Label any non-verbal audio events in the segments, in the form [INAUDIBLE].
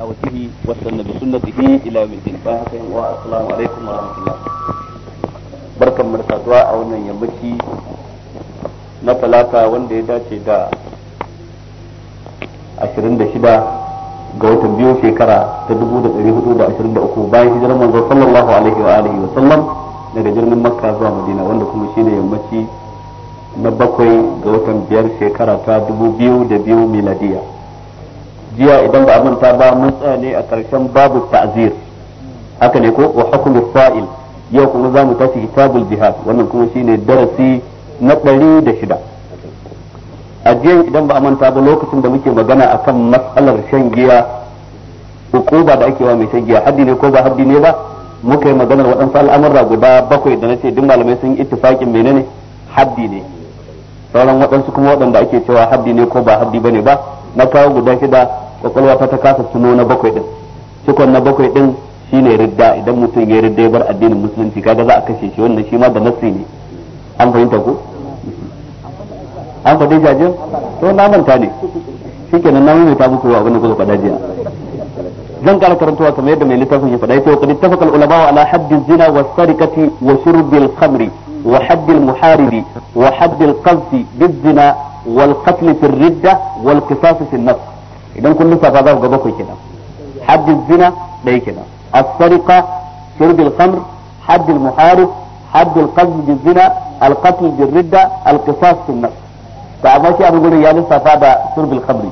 da'awatihi wa sanna bi sunnatihi ila yawm din ba haka wa assalamu wa rahmatullah barkan mu da a wannan yammaci na talata wanda ya dace da 26 ga watan biyu shekara ta 1423 bayan hijirar manzo sallallahu alaihi wa alihi wa sallam daga jirgin makka zuwa madina wanda kuma shine yammaci na bakwai ga watan biyar shekara ta 2002 miladiya jiya idan ba a manta ba mun tsaya ne a ƙarshen babu ta'zir haka ne ko wa hukmu fa'il yau kuma za mu tashi kitabul jihad wannan kuma shine darasi na 106 da shida a jiya idan ba a manta ba lokacin da muke magana akan matsalar shan giya hukuma da ake wa mai shan giya haddi ne ko ba haddi ne ba muka yi maganar waɗansu al'amurra guda bakwai da na ce duk malamai sun yi ittifaƙin menene haddi ne sauran waɗansu kuma waɗanda ake cewa haddi ne ko ba haddi bane ba na kawo guda shida kwakwalwa ta ta kasa tuno na bakwai din cikon na bakwai din shine ridda idan mutum ya ridda ya bar addinin musulunci kaga za a kashe shi wannan shi ma da nasi ne an fahimta ku an fadi jajin to na manta ne shikenan na mimita muku abin da kuka faɗa jiya zan kara karantawa kamar yadda mai littafin ya faɗa yace qad tafakal al-ulama ala hadd zina was-sarikati wa shurb khamri wa hadd muharibi wa hadd al-qazfi wal qatl fi ridda wal qisas fi nafs idan kun lissafa za ku ga bakwai kenan haddin zina ɗaya kenan as-sariqa shirbul khamr haddul muharib haddul qazf al qatl bi al qisas fi nafs amma shi abin gurin ya lissafa da shirbul khamr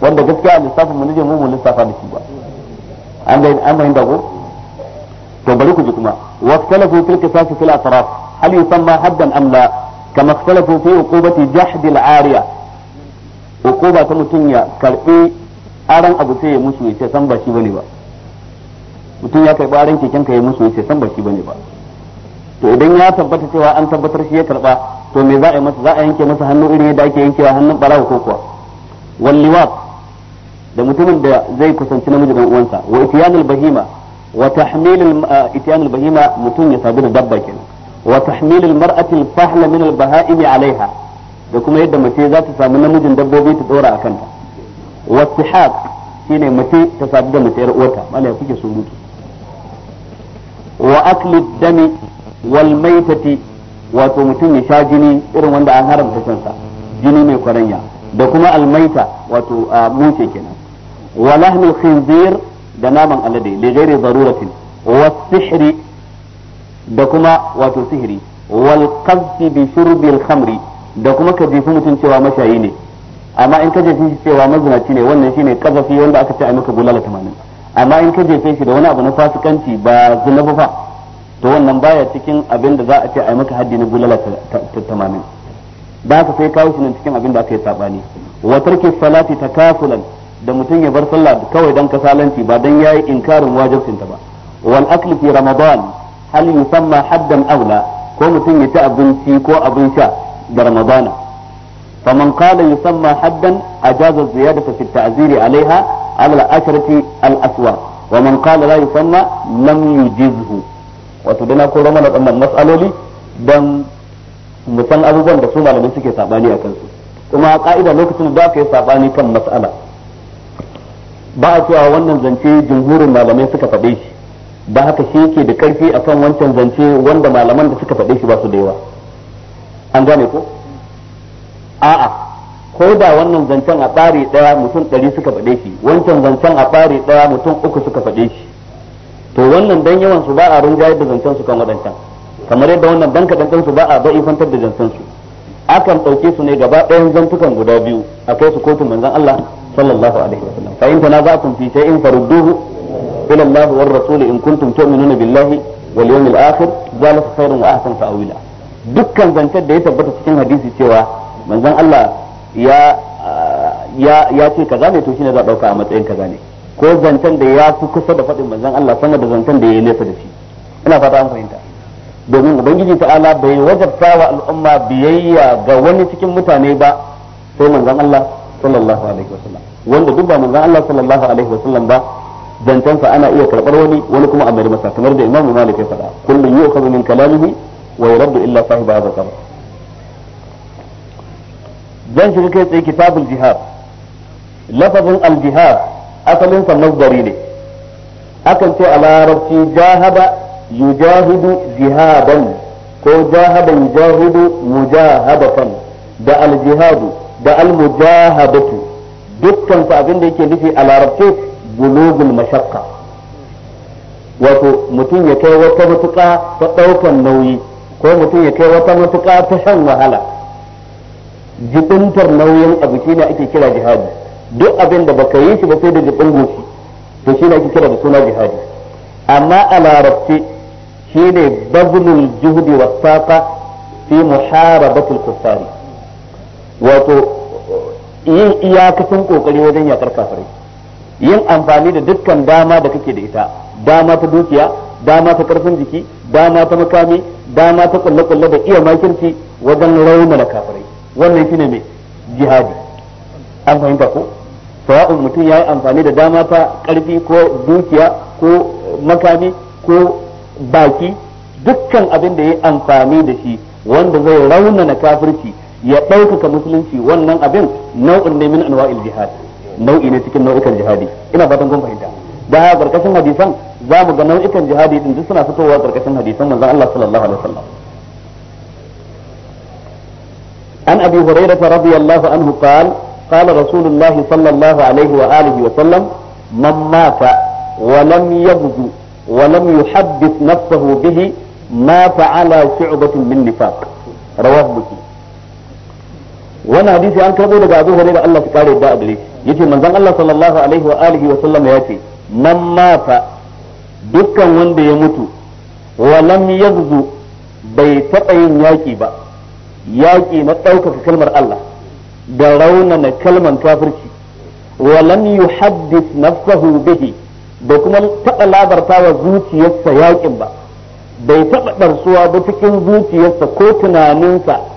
wanda gaskiya lissafin mu ne mu mu da shi ba an ga an fahimta ko to ku haddan am kama salafu fi uqubati jahdil ariya uquba ta mutum ya karbi aran abu sai ya musu yace san ba shi ba mutum ya karbi aran keken ka ya musu yace san ba shi bane ba to idan ya tabbata cewa an tabbatar shi ya karba to me za a yi masa za a yanke masa hannu irin yadda ake yankewa hannun barawa ko kuwa walliwat da mutumin da zai kusanci namiji dan uwansa wa itiyanul bahima wa tahmilul itiyanul bahima mutum ya sabu da dabba kenan wa tahmil al-mar'ati al-fahla min da kuma yadda mace za ta samu namijin dabbobi ta dora a kanta wa shine mace ta sadu da mace uwarta malai kuke surutu wa akli dami wal maitati wato mutum ya sha jini irin wanda an haramta kansa jini mai kwaranya da kuma almaita wato a mushe kenan wa lahmil khinzir da naman alade li ghairi daruratin wa sihri da kuma wato sihiri wal qazfi bi shurbil khamri da kuma ka jefi mutun cewa mashayi ne amma in ka jefi shi cewa mazinaci ne wannan shine kazafi wanda aka ce a maka bulala 80 amma in ka jefe shi da wani abu na fasikanci ba zina fa to wannan baya cikin abin da za a ce a maka haddi na bulala 80 da ka sai kawo shi nan cikin abin da aka yi sabani wa tarki salati takafulan da mutum ya bar sallah kawai dan kasalanci ba dan yayi inkarin ta ba wal akli fi ramadan hal yusamma haddan aula ko mutum ya abinci ko abin sha da ramadana faman qala yusamma haddan ajaza ziyadata fi ta'ziri alaiha ala al-ashrati al-aswa wa man qala la yusamma lam yujizhu wato dana ko da dan mu san abubuwan su malamai suke sabani a su kuma ka'ida lokacin da aka yi sabani kan mas'ala ba a cewa wannan zance jumhurin malamai suka faɗe shi ba haka shi yake da karfi akan wancan zance wanda malaman da suka faɗe shi ba su da yawa an gane ko a'a ko da wannan zancen a ɓare ɗaya mutum ɗari suka faɗe shi wancan zancen a ɓare ɗaya mutum uku suka faɗe shi to wannan dan yawan su ba a rinjayar da zancen su kan waɗancan kamar yadda wannan dan kaɗan su ba a ba'ifantar da zancen su akan ɗauke su ne gaba ɗayan zantukan guda biyu a kai su kotun manzon Allah sallallahu alaihi wasallam fa in kun fi sai in farudduhu قل الله والرسول إن كنتم تؤمنون بالله واليوم الآخر ذلك خير وأحسن تأويلا dukkan zancen da ya tabbata cikin hadisi cewa manzon Allah ya ya ya ce kaza ne to shine za dauka a matsayin kaza ne ko zancen da ya fi kusa da fadin manzon Allah sama da zancen da ya nesa da shi ina fata an fahimta domin ubangiji ta ala bai wajabta wa al'umma biyayya ga wani cikin mutane ba sai manzon Allah sallallahu alaihi wasallam wanda duk ba manzon Allah sallallahu alaihi wasallam ba zancensa ana iya karɓar wani wani kuma a mai masa kamar da imamu malik ya faɗa kullum yi ukhadhu min kalamihi wa yuraddu illa sahiba hadha qabr zan shiga kai tsaye kitabul jihad lafazin al jihad asalin sa masdari ne akan ce a larabci jahaba yujahidu jihadan ko jahaba yujahidu mujahadatan da al jihadu da al mujahadatu dukkan su abin da yake nufi a larabci bulugul mashakka wato mutum ya kai wata matuƙa ta ɗaukan nauyi ko mutum ya kai wata matuƙa ta shan wahala jibintar nauyin abu shi ne ake kira jihadi duk abin da baka yi shi ba sai da jibin goshi to shi ne ake kira da suna jihadi amma a larabci shi ne bazlul juhdi wa saqa fi muharabatul kuffari wato yin iyakacin kokari wajen yakar kafirai yin amfani da dukkan dama da kake da ita dama ta dukiya dama ta karfin jiki dama ta makami dama ta kulle-kulle da iya makirci wajen raunana kafirai wannan shine mai jihadi an fahimta ko sawa'un mutum ya yi amfani da dama ta karfi ko dukiya ko makami ko baki dukkan abin da ya yi amfani da shi wanda zai raunana kafirci ya ɗaukaka musulunci wannan abin nau'in ne min anwa'il jihad nau'i ne cikin nau'ikan jihadi ina fatan kun fahimta da haka karkashin hadisan za mu ga nau'ikan jihadi din duk suna fitowa karkashin hadisan manzon Allah sallallahu alaihi wasallam an abi hurairah radiyallahu anhu qala qala rasulullah sallallahu alaihi wa alihi wa sallam man mata wa lam yabdu wa lam yuhaddith nafsahu bihi ma fa'ala shu'batun min nifaq rawahu muslim wannan hadisi an karbo daga Abu Hurairah Allah ya kare da gare yace manzon Allah sallallahu alaihi wa alihi wa sallam yace man mata dukkan wanda ya mutu wa lam yazu bai taɓa yin yaƙi ba yaƙi na ɗaukaka kalmar Allah da raunana kalman kafirci wa lam yuhaddith nafsahu bihi da kuma taɓa labartawa zuciyarsa yaƙin ba bai taɓa ɗarsuwa ba cikin zuciyarsa ko tunaninsa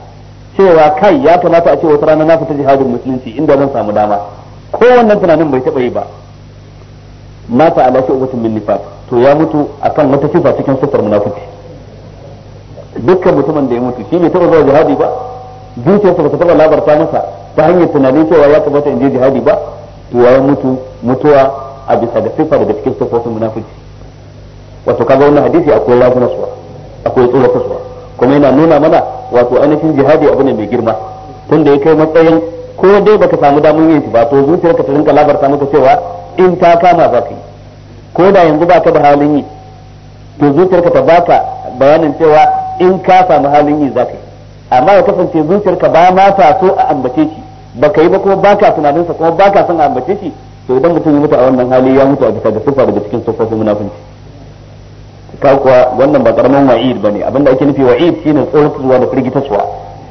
cewa kai ya kamata a ce wata rana na fita jihadin musulunci inda zan samu dama ko wannan tunanin bai taɓa yi ba mata ala shi ubatun min nifaq to ya mutu akan wata sifa cikin sifar munafiki dukkan mutumin da ya mutu shi bai taɓa zuwa jihadi ba zuciyarsa bata taɓa labarta masa ta hanyar tunanin cewa ya kamata in je jihadi ba to ya mutu mutuwa a bisa da sifa daga cikin sufar munafiki wato kaga wannan hadisi akwai lafi suwa akwai tsoron kasuwa kuma yana nuna mana wato ainihin jihadi abu ne mai girma tunda ya kai matsayin ko dai baka samu damar yin shi ba to zuciyarka ta rinka labarta maka cewa in ta kama za ka yi ko da yanzu ba ka da halin yi to zuciyarka ta baka bayanin cewa in ka samu halin yi za ka yi amma ya kasance zuciyarka ba ma ta so a ambace shi baka yi ba kuma baka tunanin sa kuma baka son a ambace shi to idan mutum ya mutu a wannan hali ya mutu a bisa ga sufa daga cikin sufofin munafunci ka kuwa wannan ba karamin wa'id bane abinda ake nufi wa'id shine tsoratarwa da firgitarwa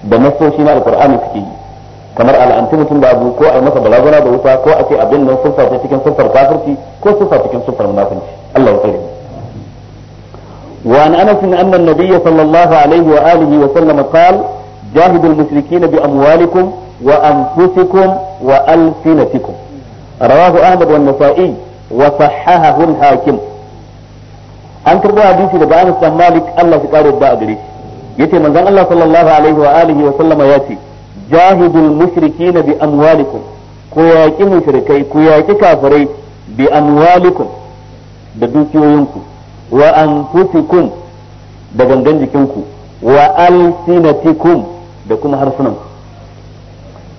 da nasoshi na alqur'ani suke yi kamar al'anti mutum da abu ko a masa balagana da wuta ko a ce abin nan siffa ta cikin siffar kafirci ko siffa cikin siffar munafinci Allah ya tsare وعن انس ان النبي صلى الله عليه واله وسلم قال جاهدوا المشركين باموالكم وانفسكم والسنتكم رواه احمد والنسائي وصححه الحاكم an karbo hadisi daga Anas dan Malik Allah shi kare da a gare shi yace manzon Allah sallallahu alaihi wa alihi wa sallama yace jahidul mushrikin bi amwalikum ko yaqi mushrikai ko yaqi kafirai bi amwalikum da dukiyoyinku wa anfusikum da gangan jikinku wa alsinatikum da kuma harsunanku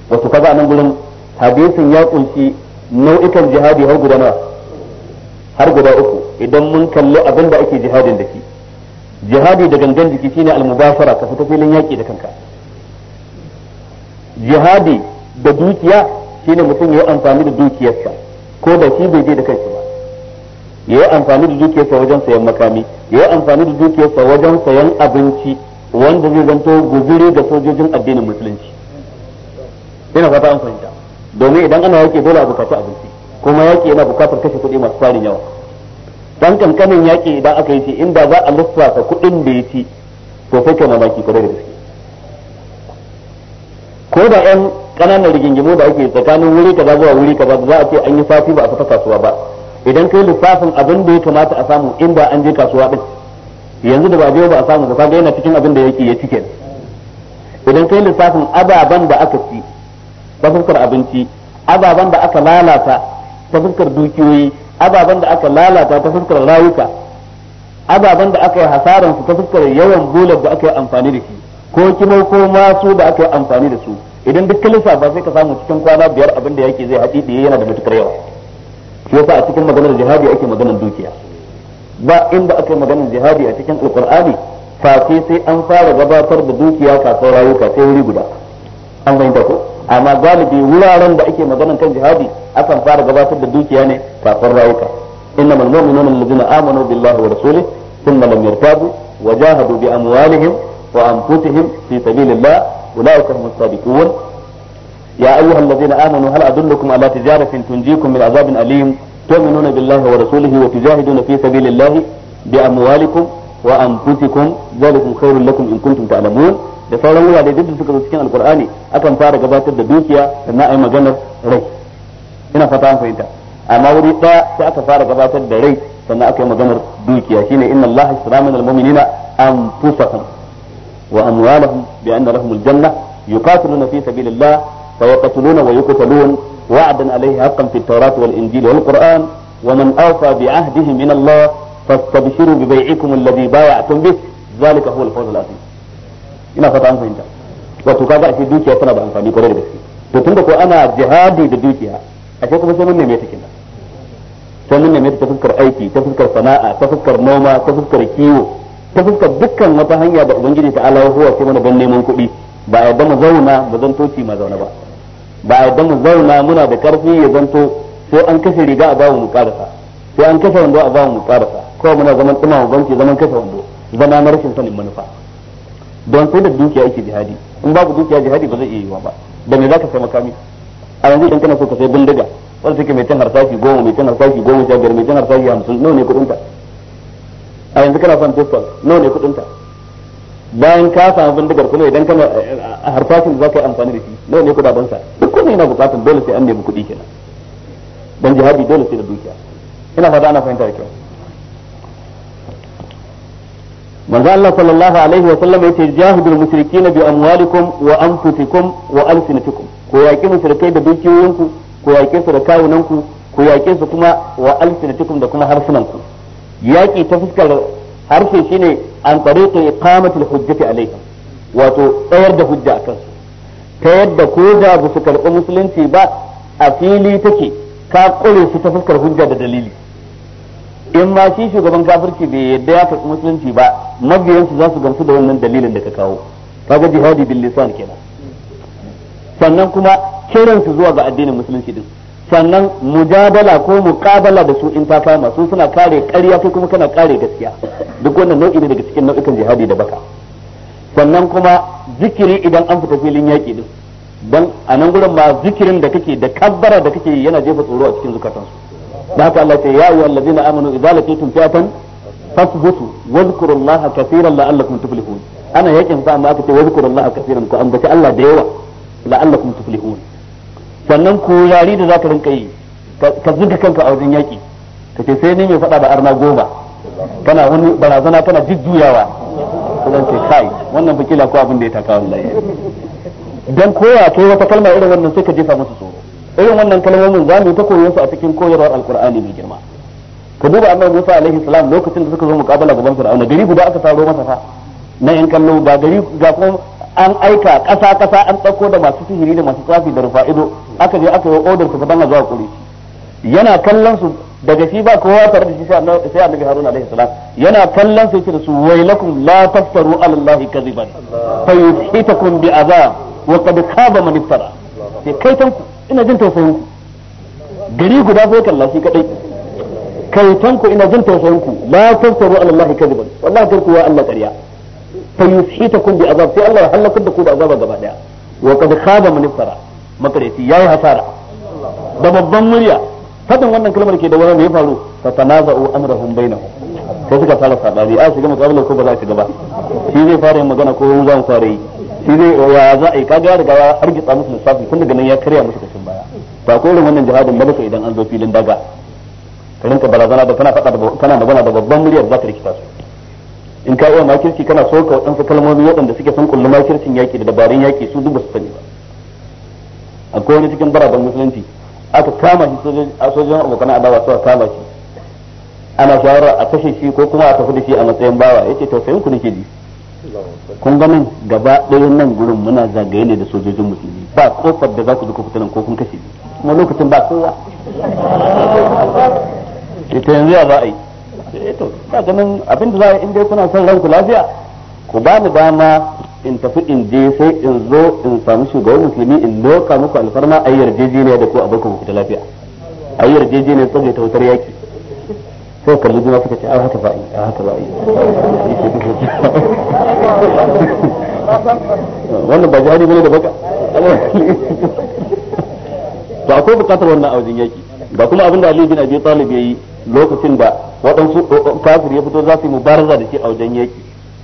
wato kaga anan gurin hadisin ya kunshi nau'ikan jihadi har guda nawa har guda uku idan mun kalli abin da ake jihadin da shi jihadi da gangan jiki shine almubafara ka fito filin yaki da kanka jihadi da dukiya shine mutum ya yi amfani da dukiyarsa ko da shi bai je da kansa ba ya yi amfani da dukiyarsa wajen sayan makami ya yi amfani da dukiyarsa wajen sayan abinci wanda zai zanto guzuri ga sojojin addinin musulunci ina fata an fahimta domin idan ana yake dole a bukaci abinci kuma yaki yana bukatar kashe kuɗi masu farin yawa dan kankanin yaƙi idan aka yi shi inda za a lissafa kuɗin da ya ci to sai kai mamaki kwarai da gaske ko da yan ƙananan rigingimu da ake tsakanin wuri kaza zuwa wuri kaza za a ce an yi safi ba a fita kasuwa ba idan kai lissafin abin da ya kamata a samu inda an je kasuwa din yanzu da ba je ba a samu ba kaga yana cikin abin da yake ya cike idan kai lissafin ababen da aka ci ta fuskar abinci ababen da aka lalata ta fuskar dukiyoyi ababen da aka lalata ta fuskar rayuka ababen da aka yi hasaran su ta fuskar yawan bolar da aka yi amfani da shi ko kima ko masu da aka yi amfani da su idan duk kalisa ba sai ka samu cikin kwana biyar abin da yake zai haɗi da yana da matukar yawa shi yasa a cikin maganar jihadi ake maganar dukiya ba inda aka yi maganar jihadi a cikin alkur'ani fa sai an fara gabatar da dukiya kasuwar rayuka sai wuri guda an fahimta ko amma galibi wuraren da ake maganan kan jihadi akan fara gabatar da dukiya ne kafin rayuka innamal mu'minuna alladhina amanu billahi wa rasulihi thumma lam yartabu wa jahadu bi amwalihim wa anfusihim fi sabilillah ulaika humus sabiqun يا أيها الذين آمنوا هل أدلكم على تجارة تنجيكم من عذاب أليم تؤمنون بالله ورسوله وتجاهدون في سبيل الله بأموالكم وأنفسكم ذلكم خير لكم إن كنتم تعلمون da sauran wurare duk da suka zo cikin alkur'ani akan fara gabatar da dukiya sannan a yi maganar rai ina fata an fahimta amma wuri daya sai aka fara gabatar da rai sannan aka yi maganar dukiya shine inna allaha isra min almu'minina anfusahum wa amwalahum bi anna lahum aljanna yuqatiluna fi sabilillah fa yaqtuluna wa yuqtalun wa'dan alayhi haqqan fi at-taurati wal injil wal qur'an wa man awfa bi ahdihi min allah fastabshiru bi bai'ikum alladhi bay'atum bih ذلك هو الفوز azim ina fata an fahimta wato kaga ashe dukiya tana da amfani kwarai da gaske to tunda ko ana jihadi da dukiya ashe kuma sai mun neme ta kenan sai mun neme ta fuskar aiki ta fuskar sana'a ta fuskar noma ta fuskar kiwo ta fuskar dukkan wata hanya da ubangiji ta Allah huwa sai mun don neman kuɗi ba a yadda mu zauna mu zanto ci ma zauna ba ba a yadda mu zauna muna da karfi ya zanto sai an kashe riga a bawo mu karasa sai an kashe wando a bawo mu karasa ko muna zaman mu banki zaman kashe wando zama na rashin sanin manufa don sai da dukiya yake jihadi in babu dukiya jihadi ba zai iya yiwa ba da me zaka sai makami a yanzu idan kana so ka sai bindiga wanda take mai cin harsashi goma mai cin harsashi goma sha biyar mai cin harsashi hamsin nawa ne kudin ta a yanzu kana son pistol nawa ne kudin ta bayan ka samu bindigar kuma idan kana eh, eh, harsashin za ka yi amfani da shi nawa ne kudaden sa duk kuma yana bukatar dole sai an nemi kudi kenan dan jihadi dole sai da dukiya ina fata ana fahimta da kyau manzo Allah sallallahu alaihi wa sallam yace jahidul mushrikeena bi amwalikum wa anfusikum wa alsinatikum ko yaki mushrikai da dukiyoyinku ko yaki su da kawunanku ko yaki su kuma wa alsinatikum da kuma harsunanku yaki ta fuskar harshe shine an tariqi iqamatul hujjati alaihim wato tsayar da hujja su ta yadda ko da su karɓi musulunci ba a fili take ka kure su ta fuskar hujja da dalili in ma shi shugaban kafirci bai yadda ya karɓi musulunci ba mabiyansu za su gamsu da wannan dalilin da ka kawo kaga jihadi bil lisan kenan sannan kuma kiran zuwa ga addinin musulunci din sannan mujadala ko muqabala da su in ta kama su suna kare ƙarya kai kuma kana kare gaskiya duk wannan nau'i ne daga cikin nau'ikan jihadi da baka sannan kuma zikiri idan an fita filin yaki din dan a nan gurin ma zikirin da kake da kabbara da kake yana jefa tsoro a cikin zukatansu da haka Allah ya yi wallazina amanu idza laqitum fi'atan fasbutu wadhkuru Allah kaseeran la'allakum tuflihun ana yakin fa amma aka ce wadhkuru Allah kafiran ku ambaci Allah da yawa la'allakum tuflihun sannan ku yari da zaka rinka yi ka zuga kanka a wajen yaki ka ce sai ni mai fada da arna goma kana wani barazana kana jujjuyawa kudan ce kai wannan bikila ko abin da ya taka wallahi dan koya kai wata kalma irin wannan sai ka jefa musu tsoro irin wannan kalmomin za mu yi ta koyon su a cikin koyarwar alkur'ani mai girma ku duba annabi Musa alaihi salam lokacin da suka zo muqabala gaban Fir'auna gari guda aka taro masa fa na yan kallo ba gari ga kuma an aika kasa kasa an dauko da masu sihiri da masu tsafi da rufa'ido aka je aka yi order su gaban zuwa kuri yana kallon su daga shi ba kowa tare da shi sai annabi Harun alaihi salam yana kallon su yake da su wailakum la taftaru ala allahi kadhiban yuhitakum bi azab wa qad khaba man iftara sai kaitanku ina jin tausayinku ku gari guda zai kalla shi kadai kaitan ku ina jin tausayin ku la tafsiru ala allah kadiban wallahi karku wa allah ƙarya fa yushitakum bi azab sai allah halaka da ku da azaba gaba daya wa qad khaba man iftara makareci yayi hasara da babban murya fadin wannan kalmar ke da wani ya faru fa tanaza'u amrahum bainahum sai suka fara sabani a shiga mukabalar ko ba za su gaba shi zai fara yin magana ko mu za mu fara yi shi zai wa za a yi kaga ya riga har gitsa musu lissafi tun daga nan ya karya musu kashin ba ko irin wannan jihadin ba baka idan an zo filin daga ka rinka barazana ba kana da kana magana da babban muryar za ta rikita su in ka iya makirci kana so ka wadansu kalmomi waɗanda suke sun kulli makircin yaƙi da dabarun yaƙi su duk ba su sani ba akwai wani cikin baraban musulunci aka kama shi a sojojin abokan adawa suka kama shi ana shawara a kashe shi ko kuma a tafi da shi a matsayin bawa yace tausayin ku nake ji kun ga nan gaba ɗayan nan gurin muna zagaye ne da sojojin musulmi ba kofar da za ku ji ku ko kun kashe shi kuma lokacin ba kowa ita yanzu ya ba a yi to ta ganin abinda za a yi eh inda kuna son ranku lafiya ku ba ni dama in tafi in je sai in zo in samu shugaban musulmi in loka muku alfarma a yarjejeniya da ku a baku ita ta lafiya a yarjejeniya tsaje ta wutar yaki sai kalli juna suka ce a haka ba yi a haka ba yi [LAUGHS] wannan ba jihari bane da baka ba akwai bukatar wannan a wajen yaki ba kuma abinda Ali bin Abi Talib yayi lokacin da waɗansu kafir ya fito za su yi mubaraza da shi a wajen yaki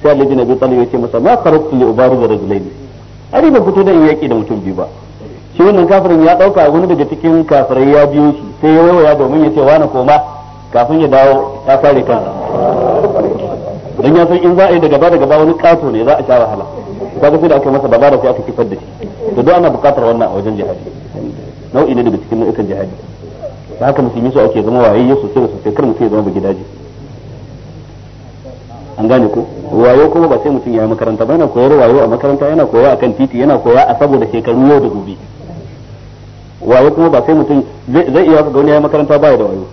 sai Ali bin Abi Talib ya ce masa ma karatu li da rajulain ali ban fito da in yaki da mutum biyu ba shi wannan kafirin ya dauka wani daga cikin kafirai ya biyo shi sai ya waiwaya domin ya ce wani koma kafin ya dawo ya fare kansa dan ya san in za a yi da gaba da gaba wani kaso ne za a sha wahala kaga sai da aka masa babara sai aka kifar da shi to duk ana bukatar wannan a wajen jihadi nau'i ne daga cikin nau'ikan jihadi da haka musulmi su ake zama wayayye sosai da sosai kar mutum ya zama ba gidaje an gane ko wayo kuma ba sai mutum ya yi makaranta ba yana koyar wayo a makaranta yana koya akan titi yana koya a saboda shekaru yau da gobe wayo kuma ba sai mutum zai iya ga wani ya makaranta ba da wayo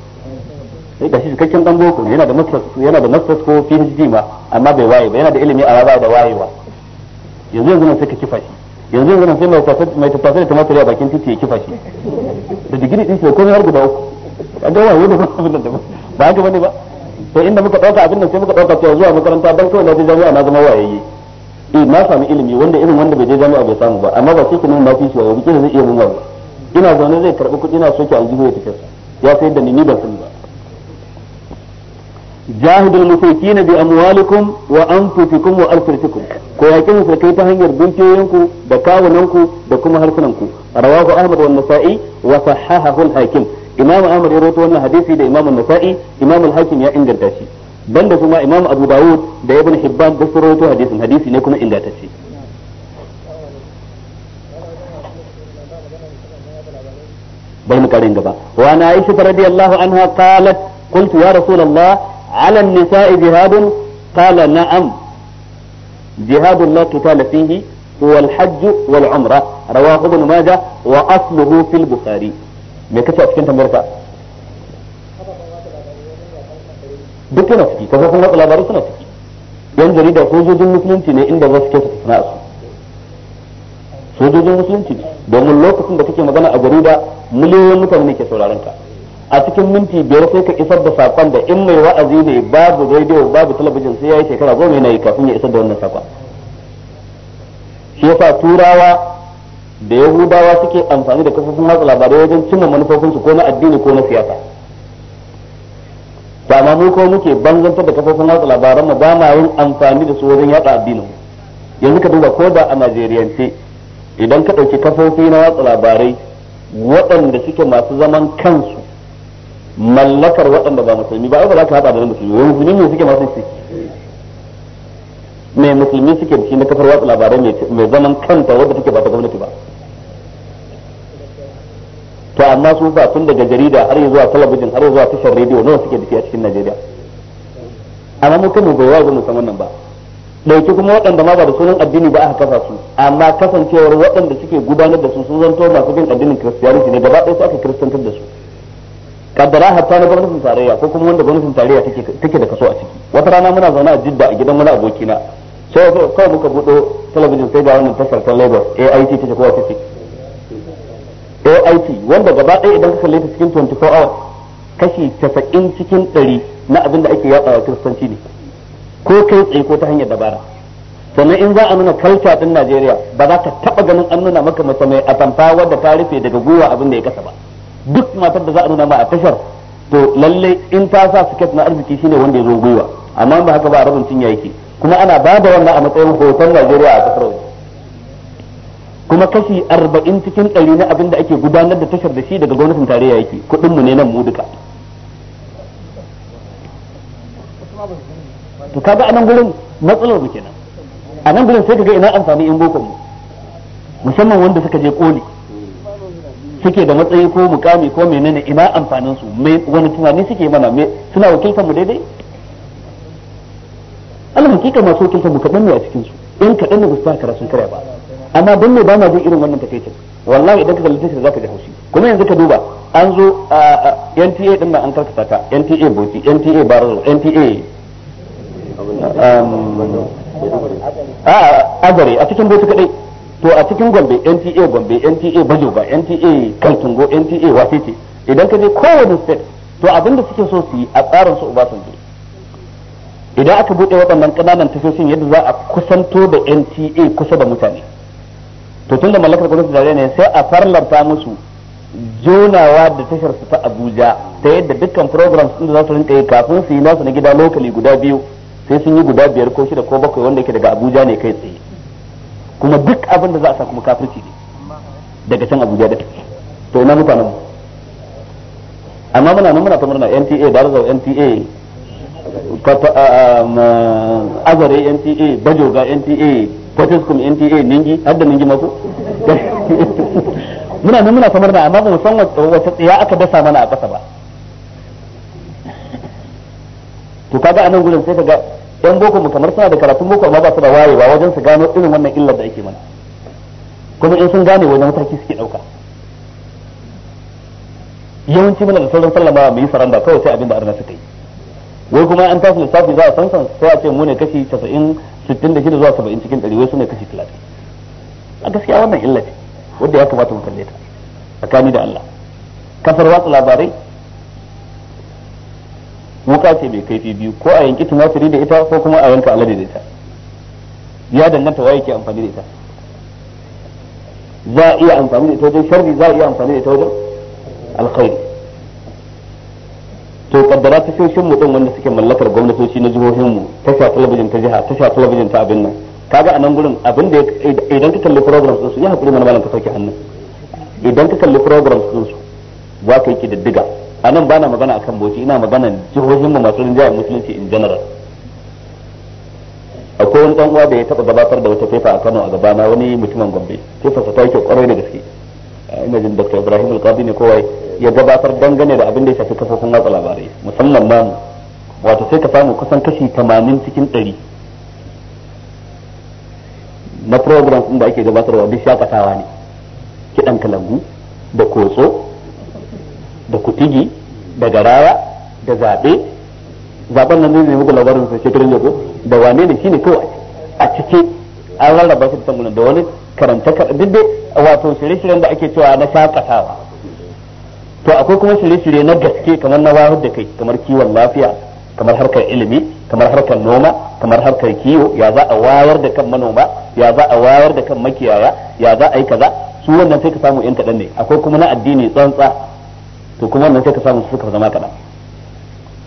sai gashi cikakken dan boko ne yana da masters yana da masters ko PhD ma amma bai waye ba yana da ilimi a ba da wayewa yanzu yanzu sai ka kifa shi yanzu yanzu nan sai mai kwasa mai tafasa da tumatir a bakin titi ya kifa shi da digiri din shi komai har guda uku a ga wani da ba haka bane ba to inda muka dauka abin nan sai muka dauka cewa zuwa makaranta dan kawai na je jami'a na zama wayayye eh na sami ilimi wanda irin wanda bai je jami'a bai samu ba amma ba sai kinin na fi shi wayo kike zai iya mun ba ina zaune zai karbi kuɗi na soke aljihu ya tafi ya sai da ni ni ban sani ba jahidul mushrikin bi amwalikum wa anfusikum wa alfirtikum ko yaƙi musulkai ta hanyar guntiyoyinku da kawunanku da kuma harsunanku rawahu ahmad wa nasa'i wa sahahahu al-hakim imam ahmad ya rawaito wannan hadisi da imam nasa'i imam al-hakim ya inganta shi banda kuma imam abu dawud da ibn hibban da su rawaito hadisin hadisi ne kuma ingantacce bari mu karin gaba wa na aisha radiyallahu anha qalat qultu ya rasulullah ala an-nisa'i jihadun qala na'am جهاد لا قتال فيه هو الحج والعمرة رواه ابن ماجه وأصله في البخاري me kace a cikin tambayar ka duk yana ciki kaga kun watsa labarai suna yan jarida sojojin musulunci ne inda za su kyauta sojojin musulunci domin lokacin da kake magana a jarida miliyoyin mutane ke sauraron a cikin minti biyar sai ka isar da sakon da in mai wa'azi ne babu rediyo babu talabijin sai ya yi shekara goma yana yi kafin ya isar da wannan sakon shi yasa turawa da yahudawa suke amfani da kafofin watsa labarai wajen cimma manufofinsu ko na addini ko na siyasa ba ma mu ko muke banzantar da kafofin watsa labaran mu ba ma yin amfani da su wajen yatsa addinin yanzu ka duba ko da a najeriyance idan ka ɗauki kafofi na watsa labarai waɗanda suke masu zaman kansu mallakar waɗanda ba musulmi ba ba za ka haɗa da musulmi wani musulmi ne suke masu shi mai musulmi suke da shi na kafar watsa labarai mai zaman kanta wadda take ba ta gwamnati ba to amma su ba tun daga jarida har zuwa talabijin har zuwa tashar rediyo nawa suke da shi a cikin Najeriya amma mu kanmu bai wazo mu san wannan ba dauki kuma waɗanda ma ba da sunan addini ba aka kafa su amma kasancewar waɗanda suke gudanar da su sun zanto masu bin addinin kiristiyanci ne gaba ɗaya su aka kiristantar da su kaddara hatta na gwamnatin tarayya ko kuma wanda gwamnatin tarayya take da kaso a ciki wata rana muna zaune a jidda a gidan wani na sai kawai muka buɗo talabijin sai ga wannan tashar ta lagos ait ta ce kowa ait wanda gaba ɗaya idan ka kalle ta cikin 24 hours kashi 90 cikin 100 na abin da ake yaɗa wa kiristanci ne ko kai tsaye ko ta hanyar dabara sannan in za a nuna kalca din najeriya ba za ka taɓa ganin an nuna maka mace a atamfa wadda ta rufe daga gwiwa abin da ya kasa ba duk matar da za a nuna ma a tashar to lalle in ta sa suket na arziki shine wanda ya zo gwiwa amma ba haka ba a rabin cinya yake kuma ana ba da wannan a matsayin hoton Najeriya a kasar waje kuma kashi arba'in cikin ɗari na abin da ake gudanar da tashar da shi daga gwamnatin tarayya yake kuɗin mu ne nan mu duka to kaga anan gurin matsalar mu kenan anan gurin sai kaga ina amfani in boko mu musamman wanda suka je koli suke da matsayi ko mukami ko menene ina amfanin su wani tunani suke mana me suna wakiltar mu daidai Allah hakika masu wakiltar mu kaɗan danne a cikin su in kaɗan ne ba su kara sun karya ba amma danne ba ma jin irin wannan takaicin wallahi idan ka kalli tashar zaka ji haushi kuma yanzu ka duba an zo NTA din nan an karkata ta NTA Bauchi NTA Barzo NTA a Azare um, a cikin Bauchi kadai to a cikin gombe nta gombe nta bajo ba nta kantungo nta wace ce idan ka je kowane state to abinda suke so su yi a tsarin su obasanjo idan aka buɗe waɗannan ƙananan tafiyoyin yadda za a kusanto da nta kusa da mutane to tun da mallakar gwamnati tare ne sai a farlanta musu jonawa da tashar su ta abuja ta yadda dukkan programs ɗin da za su rinka yi kafin su yi nasu na gida lokali guda biyu sai sun yi guda biyar ko shida ko bakwai wanda yake daga abuja ne kai tsaye kuma duk abin da za a sa kuma kafirci ne daga can abuja da to ina mutanen amma muna nan muna ta murna NTA Darzau NTA ah, ah, ah, azare NTA bajoga NTA potescom NTA ningi har da ningi mako [LAUGHS] muna nan muna ta murna amma ba mu san wata tsaya aka dasa mana a ƙasa ba to kaga anan gurin sai kaga yan boko mu kamar suna da karatun boko amma ba su da waye ba wajen su gano irin wannan illar da ake mana kuma in sun gane wajen mataki suke dauka yawanci muna da sauran sallama mu yi saranda kawai sai abin da arna suka yi wai kuma an tashi lissafi za a san san sai a ce mu ne kashi 90 66 zuwa 70 cikin 100 wai su ne kashi 30 a gaskiya wannan illa ce wanda ya kamata mu kalle ta tsakani da Allah kafar watsa labarai wuka ce mai kaifi biyu ko a yanki tumatiri da ita ko kuma a yanka alade da ita ya danganta waye ke amfani da ita za a iya amfani da ita wajen sharri za a iya amfani da ita wajen alkhairi to kaddara ta shoshin mu din wanda suke mallakar gwamnatoci na jihohin mu ta sha talabijin ta jiha ta sha talabijin ta abin nan kaga a nan gurin abin da idan ka kalli program din su ya hakuri mana malam ka sauke hannu idan ka kalli program din su za ka yi diddiga anan bana magana kan bauchi ina magana jihohin mu masu rinjaya musulunci in general akwai wani dan uwa da ya taba gabatar da wata fefa a Kano a gabana wani mutumin Gombe fefa ta yake kwarai da gaske ina jin Dr. Ibrahim alkabi ne kowai ya gabatar dangane da abin da ya shafi kafofin watsa labarai musamman ma wato sai ka samu kusan kashi tamanin cikin ɗari na program ɗin da ake gabatarwa duk shakatawa ne kiɗan kalangu da kotso da kutigi da garawa da zaɓe zaɓen nan ne muku labarin sa shekarun jago da wane ne shine kawai a cike an rarraba shi da sangunan da wani karanta duk da wato shirye-shiryen da ake cewa na shakatawa to akwai kuma shirye-shirye na gaske kamar na wahud da kai kamar kiwon lafiya kamar harkar ilimi kamar harkar noma kamar harkar kiwo ya za a wayar da kan manoma ya za a wayar da kan makiyaya ya za a yi kaza su wannan sai ka samu yan kaɗan ne akwai kuma na addini tsantsa to kuma wannan sai ka samu suka zama kaɗan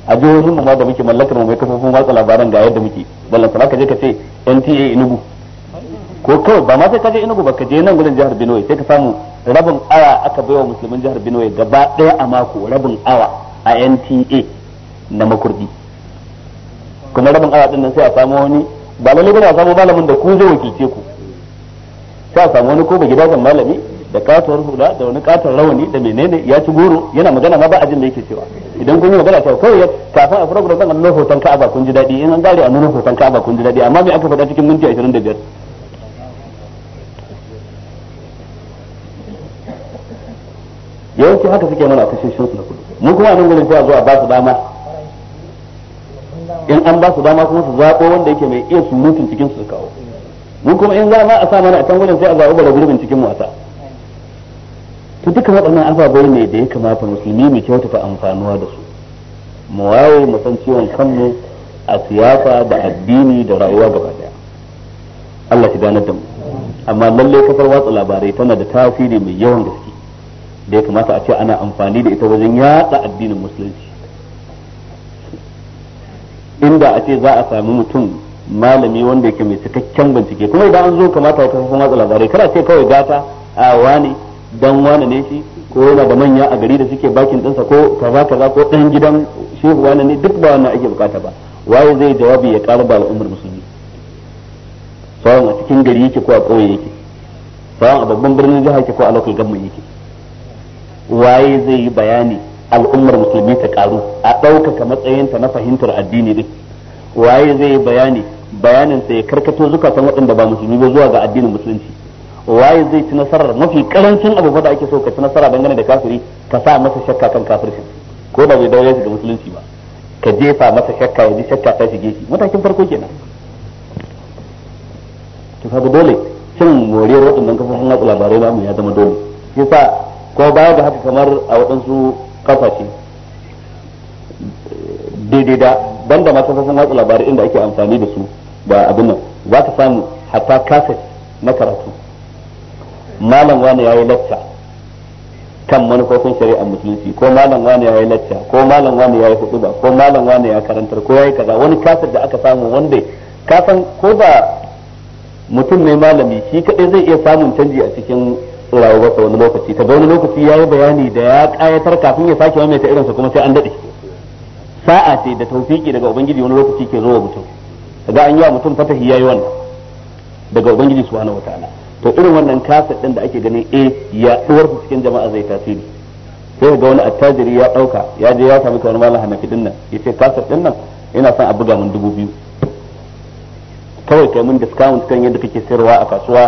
a jihohin mu ma da muke mallakar mu mai kafofin watsa labaran ga yadda muke ballan sana ka je ka ce NTA inugu ko kawai ba ma sai ka je inugu ba ka je nan gudun jihar Benue sai ka samu rabin awa aka baiwa musulmin jihar Benue gaba ɗaya a mako rabin awa a NTA na makurdi kuma rabin awa din nan sai a samu wani ba lalle ba a samu malamin da ku zai wakilce ku sai a samu wani ko ba gidajen malami da katuwar hula da wani katon rawani da menene ya ci goro yana magana ma ba ajin da yake cewa idan kun yi magana ta kawai kafin a program zan nuna hoton Ka'aba kun ji daɗi in an gari a nuna hoton Ka'aba kun ji daɗi amma me aka faɗa cikin minti da biyar. yawanci haka suke mana a kashin su na kudu mun kuma nan gudun cewa zuwa ba su dama in an ba su dama kuma su zaɓo wanda yake mai iya surutun cikin su kawo mun kuma in za ma a sa mana a can gudun sai a zaɓo bala gurbin cikin wasa to duka waɗannan ababai ne da ya kamata musulmi mu kyautata amfanuwa da su mu waye mu san ciwon kanmu a siyasa da addini da rayuwa gaba daya Allah ki gane da mu amma lalle kafar watsa labarai tana da tasiri mai yawan gaske da ya kamata a ce ana amfani da ita wajen yatsa addinin musulunci inda a ce za a sami mutum malami wanda yake mai cikakken bincike kuma idan an zo kamata wata kafa watsa labarai kada ce kawai gata a wani dan wane ne shi ko yana da manya a gari da suke bakin ɗinsa ko kaza kaza ko dan gidan shi wane ne duk ba wannan ake bukata ba waye zai jawabi ya karba al'ummar musulmi sauran a cikin gari yake ko a ƙauye yake sauran a babban birnin jiha yake ko a lokacin gamma yake waye zai yi bayani al'ummar musulmi ta karu a ɗaukaka matsayinta na fahimtar addini din waye zai yi bayani bayanin sa ya karkato zukatan waɗanda ba musulmi ba zuwa ga addinin musulunci waye zai ci nasarar mafi karancin abu da ake so ka ci nasara dangane da kafiri ka sa masa shakka kan kafirci ko ba zai daure shi da musulunci ba ka jefa masa shakka ya ji shakka ta shige shi matakin farko kenan to kaga dole cin moriyar waɗannan kafofin watsa labarai mu ya zama dole shi yasa ko baya da haka kamar a waɗansu kafashe daidai da banda ma kafofin watsa labarai inda ake amfani da su ba abin nan za ka samu hatta kasa na karatu malam wani yayi lacca kan manufofin shari'ar musulunci ko malam wani yayi lacca ko malam wani yayi hutuba ko malam wani ya karantar ko yayi kaza wani kasar da aka samu wanda kasan ko ba mutum mai malami shi kaɗai zai iya samun canji a cikin wasa wani lokaci ka wani lokaci ya yi bayani da ya kayatar kafin ya sake wani ta irinsa kuma sai an dade sa'a ce da taufiki daga ubangiji wani lokaci ke zuwa mutum ga an yi wa mutum fatahi yayi wannan daga ubangiji subhanahu wataala to irin wannan kasar din da ake ganin A ya su cikin jama'a zai tasiri sai ga wani attajiri ya dauka ya je ya samu kamar malam hanafi din nan yace kasar din nan ina son a buga mun dubu biyu kawai kai mun discount kan yadda kake sayarwa a kasuwa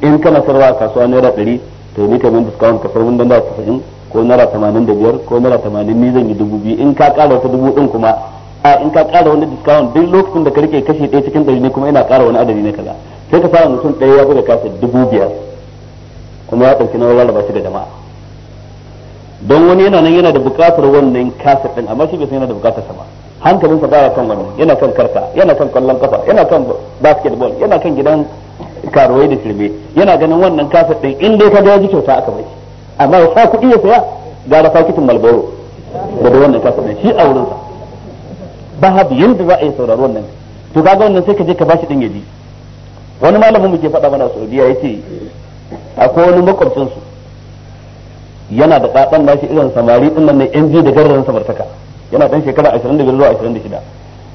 in kana sayarwa a kasuwa naira ɗari to ni kai mun discount ka sayar mun dan da ko naira tamanin da biyar ko naira tamanin ni zan yi dubu biyu in ka ƙara wata dubu ɗin kuma a in ka ƙara wani discount duk lokacin da ka rike kashe ɗaya cikin ɗari ne kuma ina ƙara wani adadi ne kaza sai ka fara mutum ɗaya ya buga kasa dubu biyar kuma ya ɗauki nauyin rarraba shi da jama'a don wani yana nan yana da buƙatar wannan kasa ɗin amma shi bai san yana da buƙatar sa ba hankalinsa baya kan wannan yana kan karka yana kan kwallon kafa yana kan basketball yana kan gidan karuwai da firme yana ganin wannan kasa ɗin in dai ka ga ji kyauta aka bai amma ya sa kuɗi ya saya gara fakitin malboro da da wannan kasa ɗin shi a wurinsa ba yadda za a yi sauraro wannan to kaga wannan sai ka je ka bashi ɗin ya ji wani malamin mu ke faɗa mana Saudiya yace akwai wani makwabcin su yana da ɗaɗan nashi irin samari din nan yan biyu da garin samartaka yana dan shekara 25 zuwa 26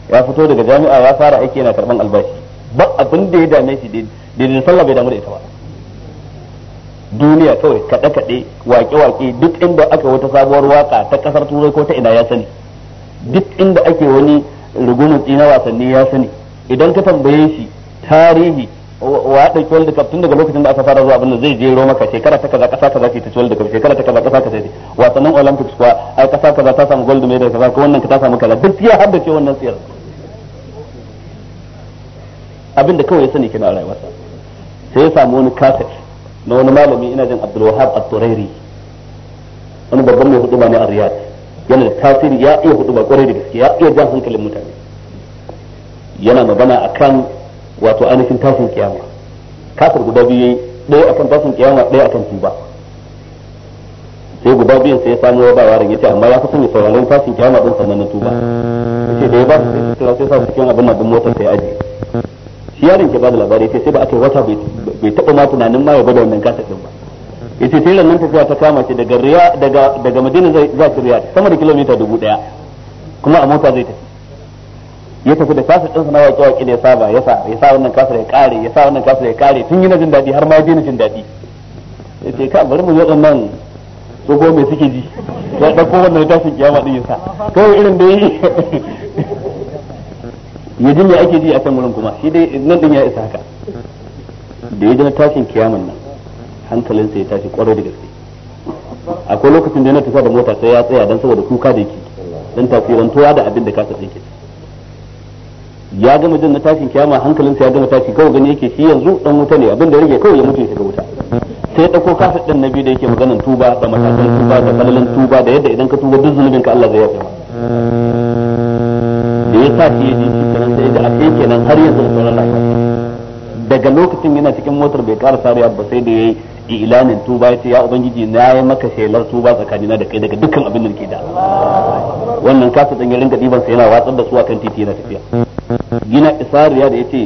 ya fito daga jami'a ya fara aiki yana karban albashi ba abin da ya dame shi da sallah bai damu da ita ba duniya kawai kaɗe-kaɗe wake-wake duk inda aka wata sabuwar waka ta kasar turai ko ta ina ya sani duk inda ake wani rugumutsi na wasanni ya sani idan ka tambaye shi tarihi wa ya dauki wanda tun daga lokacin da aka fara zuwa abin da zai jero maka shekara ta kaza kasa kaza ce ta ci daga shekara ta kaza kasa kaza ce wasannin olympics kuwa ai kasa kaza ta samu gold medal kaza ko wannan ka ta samu kaza duk ya ce wannan tsiyar abin da kawai ya sani kina sa sai ya samu wani kafet na wani malami ina jin Abdul Wahab At-Turairi wani babban mai huduma ne a riyad yana da tasiri ya iya huduma kwarai da gaske ya iya jan hankalin mutane yana magana akan wato ainihin tashin kiyama kafir guda biyu ɗaya akan tashin kiyama ɗaya akan tuba sai guda biyun sai ya samu wa bawa ya ce amma ya fi son ya sauraron tashin kiyama din sannan na tuba yace da ya ba su sai sai sa cikin abin nan motar sai aji shi yarin ke ba da labari sai sai ba aka wata bai taɓa ma tunanin ma ya bada wannan kasa din ba yace sai nan tafiya ta kama ce daga riya daga daga madina zai zai riya sama da kilomita dubu daya kuma a mota zai tafi ya tafi da kasa ɗinsa na waƙe waƙe da ya saba ya sa ya sa wannan kasa ya kare ya sa wannan kasa ya kare tun yana jin daɗi har ma na jin daɗi ya ce ka bari mu zo nan tsogo mai suke ji ya ɗauko wannan tashin kiyama ɗin ya sa kawai irin da ya yi ya ji me ake ji a can wurin kuma shi dai nan ɗin ya isa haka da ya ji na tashin kiyaman nan hankalinsa ya tashi ƙwarai da gaske akwai lokacin da yana tafiya da mota sai ya tsaya don saboda kuka da yake don tafiyantuwa da abin da kasa ɗin ke ya gama jin na tashin kiyama hankalinsa ya gama tashi kawai gani yake shi yanzu dan wuta ne abin da rage kawai ya mutu ya shiga wuta sai ya dauko kasa din nabi da yake maganan tuba da matakan tuba da falalan tuba da yadda idan ka tuba duk zunubin ka Allah zai yafe da ya sa shi ya ji shi kenan sai da ake kenan har yanzu da sauran lafiya daga lokacin yana cikin motar bai ƙara sa ba sai da yayi ilanin tuba ya ce ya ubangiji na yi maka shelar tuba tsakanina da kai daga dukkan abin da ke da wannan kasa dan ya ringa diban sa yana watsar da su a kan titi yana tafiya gina isariya da yace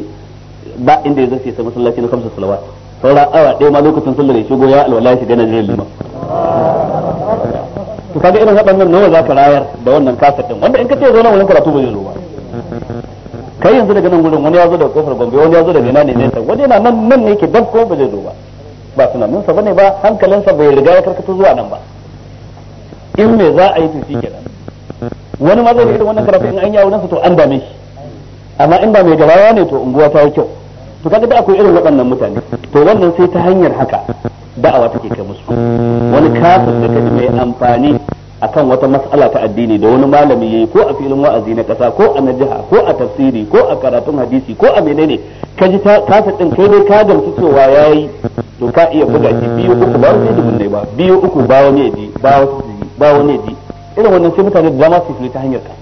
ba inda ya zace sai masallaci na kamsa salawat saura awa ɗaya ma lokacin sallar ya shigo ya alwala shi gana jirin lima to kaga irin waɗannan nawa za ka rayar da wannan kasa din wanda in ka ce zauna wani karatu ba zai zo ba kai yanzu daga nan gurin wani ya zo daga kofar gombe wani ya zo daga ina ne ne wani yana nan nan ne yake dab ko ba zai zo ba ba sa bane ba hankalinsa bai riga ya karkata zuwa nan ba in me za a yi tafi kenan wani ma zai irin wannan karatu in an yawo nasa to an dame shi amma in ba mai gabawa ne to unguwa ta yi kyau to kaga da akwai irin waɗannan mutane to wannan sai ta hanyar haka da'awa take kai musu wani kafin da kaji mai amfani akan wata mas'ala ta addini da wani malami yayi ko a filin wa'azi na kasa ko a najiha ko a tafsiri ko a karatun hadisi ko a menene kaji ta kasa din kai dai ka gamsu cewa yayi to ka iya buga shi biyu uku ba wani ne ba biyu uku ba wani ne ba wani ne irin wannan sai mutane da dama su ta hanyar ka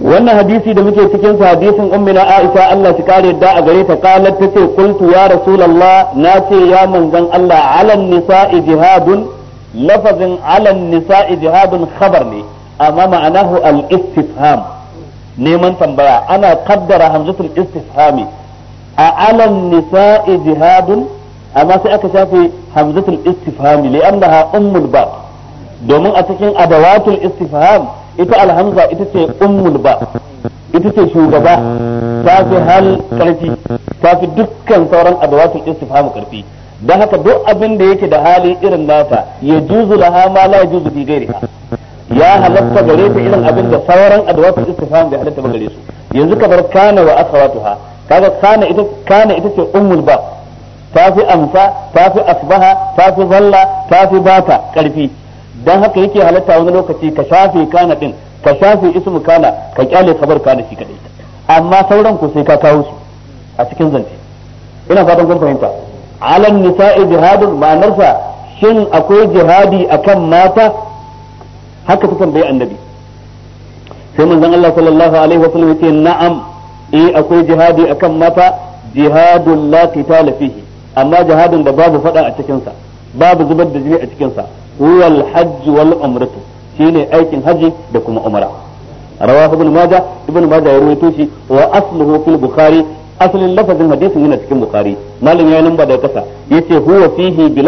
wannan hadisi da muke cikin sa hadisin ummina Aisha Allah shi kare da a gare ta qalat tace qultu ya rasulullah na ce ya manzon Allah alan nisa'i jihadun lafazin alan nisa'i jihadun khabar ne amma ma'anahu al-istifham neman tambaya ana kaddara hamzatul istifhami a alan nisa'i jihadun amma sai aka shafe hamzatul istifhami li'annaha ummul bab domin a cikin adawatul istifham ita alhamza ita ce ummul ba ita ce shugaba ta fi hal karfi ta fi dukkan sauran adawatul istifham karfi don haka duk abin da yake da hali irin nata ya juzu laha ma la ya juzu fi ya halatta gare ta irin abin da sauran adawatul istifham bai halatta ba gare su yanzu kamar kana wa akhawatuha kaga kana ita kana ita ce ummul ba ta fi amsa ta fi asbaha ta fi zalla ta fi bata karfi dan haka yake halatta wani lokaci ka shafe kana din ka shafe ismu kana ka kyale kabar kana shi kadai amma sauran ku sai ka kawo su a cikin zance ina fatan kun fahimta alan nisa'i jihadun ma'anarsa shin akwai jihadi akan mata haka ta bai annabi sai manzon Allah sallallahu alaihi wa sallam yace na'am eh akwai jihadi akan mata jihadul la qitala fihi amma jihadin da babu fada a cikin sa babu zubar da jini a cikin sa huwa al-hajj wal umratu shine aikin haji da kuma umra rawa ibn majah ibn majah ya rawaito shi wa asluhu fil bukhari asalin lafazin hadisin yana cikin bukhari malam ya lamba da kasa yace huwa fihi bi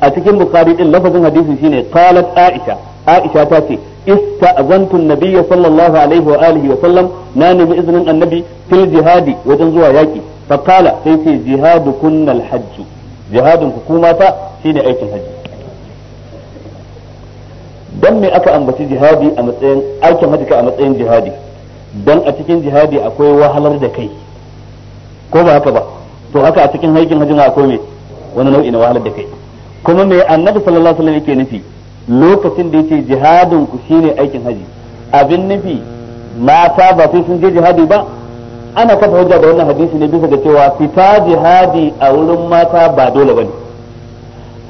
a cikin bukari ɗin lafazin hadisin shine qalat aisha aisha ta ce استأذنت النبي صلى الله عليه وآله وسلم ناني بإذن النبي في الجهاد وجنزوا ياكي فقال سيتي جهاد كن الحج جهاد حكومة shine aikin الحج dan me aka ambaci jihadi a matsayin aikin hajjika a matsayin jihadi dan a cikin jihadi akwai wahalar da kai ko ba haka ba to haka a cikin aikin hajjin akwai me wani nau'i na wahalar da kai kuma me annabi sallallahu alaihi wasallam yake nufi lokacin da yake jihadin ku shine aikin haji abin nufi mata ba sai sun je jihadi ba ana kafa hujja da wannan hadisi ne bisa ga cewa fita jihadi a wurin mata ba dole bane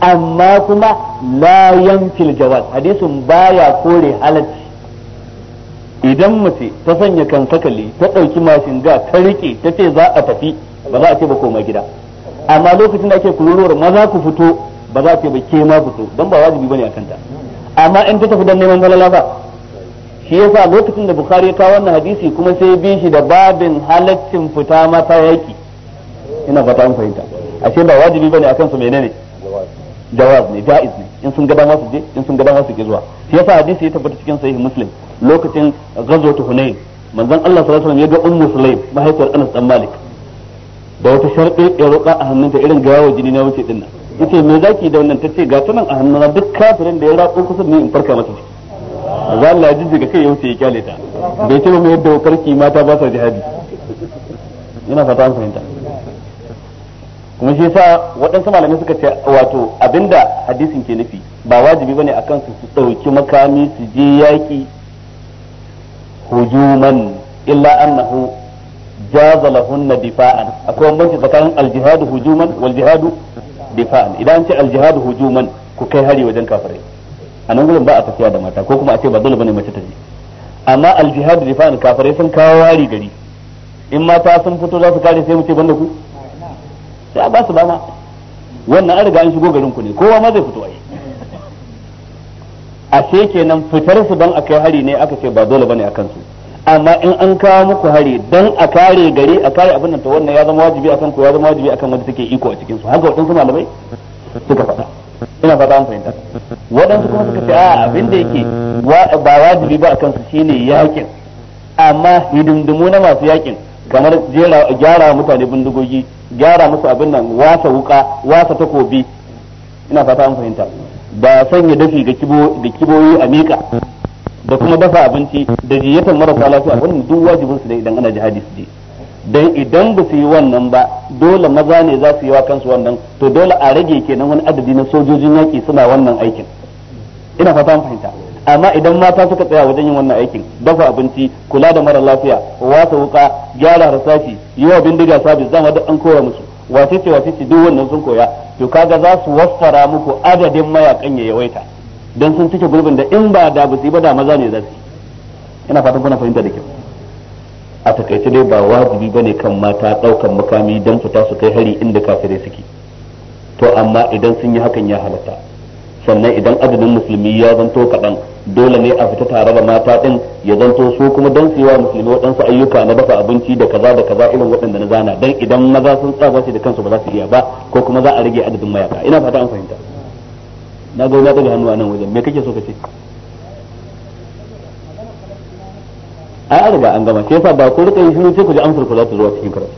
amma kuma la yanfil jawaz hadisin baya kore halacci idan mace ta sanya kankakali ta ɗauki mashin ga ta rike ta ce za a tafi ba za a ce ba koma gida amma lokacin da ake kururuwar maza ku fito ba za a ce ba ke ma fito don ba wajibi bane a kanta amma in ta tafi don neman zalala ba shi yasa lokacin da bukhari ya kawo wannan hadisi kuma sai bin shi da babin halaccin fita mata yaki ina fata an fahimta ashe ba wajibi bane akan su menene jawab ne jaiz ne in sun gaba masu je in sun gaba masu ke zuwa shi yasa hadisi ya tabbata cikin sahih muslim lokacin ghazwatu hunain manzon Allah sallallahu alaihi wasallam ya ga ummu sulaim mahaifiyar Anas dan Malik da wata sharbe ya roƙa a hannunta irin gawa jini na wuce dinnan yace me zaki da wannan tace ga tunan a hannuna duk kafirin da ya ratso kusa ne in farka masa ciki azza Allah jijjiga kai ya wuce ya kyale ta bai ce mai yadda karki mata ba sa jihadi ina fata an fahimta kuma shi yasa waɗansu malamai suka ce wato abinda hadisin ke nufi ba wajibi bane akan su su ɗauki makami su je yaƙi hujuman illa annahu jaza lahunna difa'an akwai bambanci tsakanin aljihadu hujuman wal jihadu difa'an idan an ce aljihadu hujuman ku kai hari wajen kafirai a nan gurin ba a tafiya da mata ko kuma a ce ba dole bane mace ta je amma aljihadu difa'an kafirai sun kawo wari gari in mata sun fito za su kare sai mu ce banda ku sai a ba su dama wannan an riga an shigo garin ku ne kowa ma zai fito ai ce kenan fitar su don a kai hari ne aka ce ba dole bane a kansu amma in an kawo muku hari dan a kare gari a kare abin nan to wannan ya zama wajibi akan ku ya zama wajibi akan wanda take iko a cikin su haka wadansu malamai suka faɗa ina fata an fahimta waɗansu kuma suka ce a abin da yake ba wajibi ba akan su shine yakin amma hidindimu na masu yakin kamar gyara mutane bindigogi gyara musu abin nan wasa wuka wasa takobi ina fata an fahimta da sanya dafi ga da kiboyi a miƙa da kuma dafa abinci da jiyatan marasa lafiya wannan duk wajibin su ne idan ana jihadi su je dan idan ba su yi wannan ba dole maza ne za su yi wa kansu wannan to dole a rage kenan wani adadi na sojojin yaki suna wannan aikin ina fata an fahimta amma idan mata suka tsaya wajen yin wannan aikin dafa abinci kula da mara lafiya wasa wuka gyara harsashi yi wa bindiga sabis zama duk an koya musu wace ce wace ce duk wannan sun koya to kaga za su wassara muku adadin mayakan ya yawaita don sun cike gurbin da in ba da busi ba da maza ne za su ina fatan kuna fahimta da kyau a takaice dai ba wajibi ba ne kan mata daukan mukami don fita su kai hari inda kafirai suke to amma idan sun yi hakan ya halatta sannan idan adadin musulmi ya zanto kaɗan dole ne a fita tare da mata ɗin ya zanto su kuma don su wa musulmi waɗansu ayyuka na dafa abinci da kaza da kaza irin waɗanda na zana don idan maza sun tsaba shi da kansu ba za su iya ba ko kuma za a rage adadin mayaka ina fata an fahimta na ga na daga hannuwa nan wajen me kake so ka ce a an riga an gama shi yasa ba ko rika yin shiru sai ku ji amsar ku za ta zuwa cikin karatu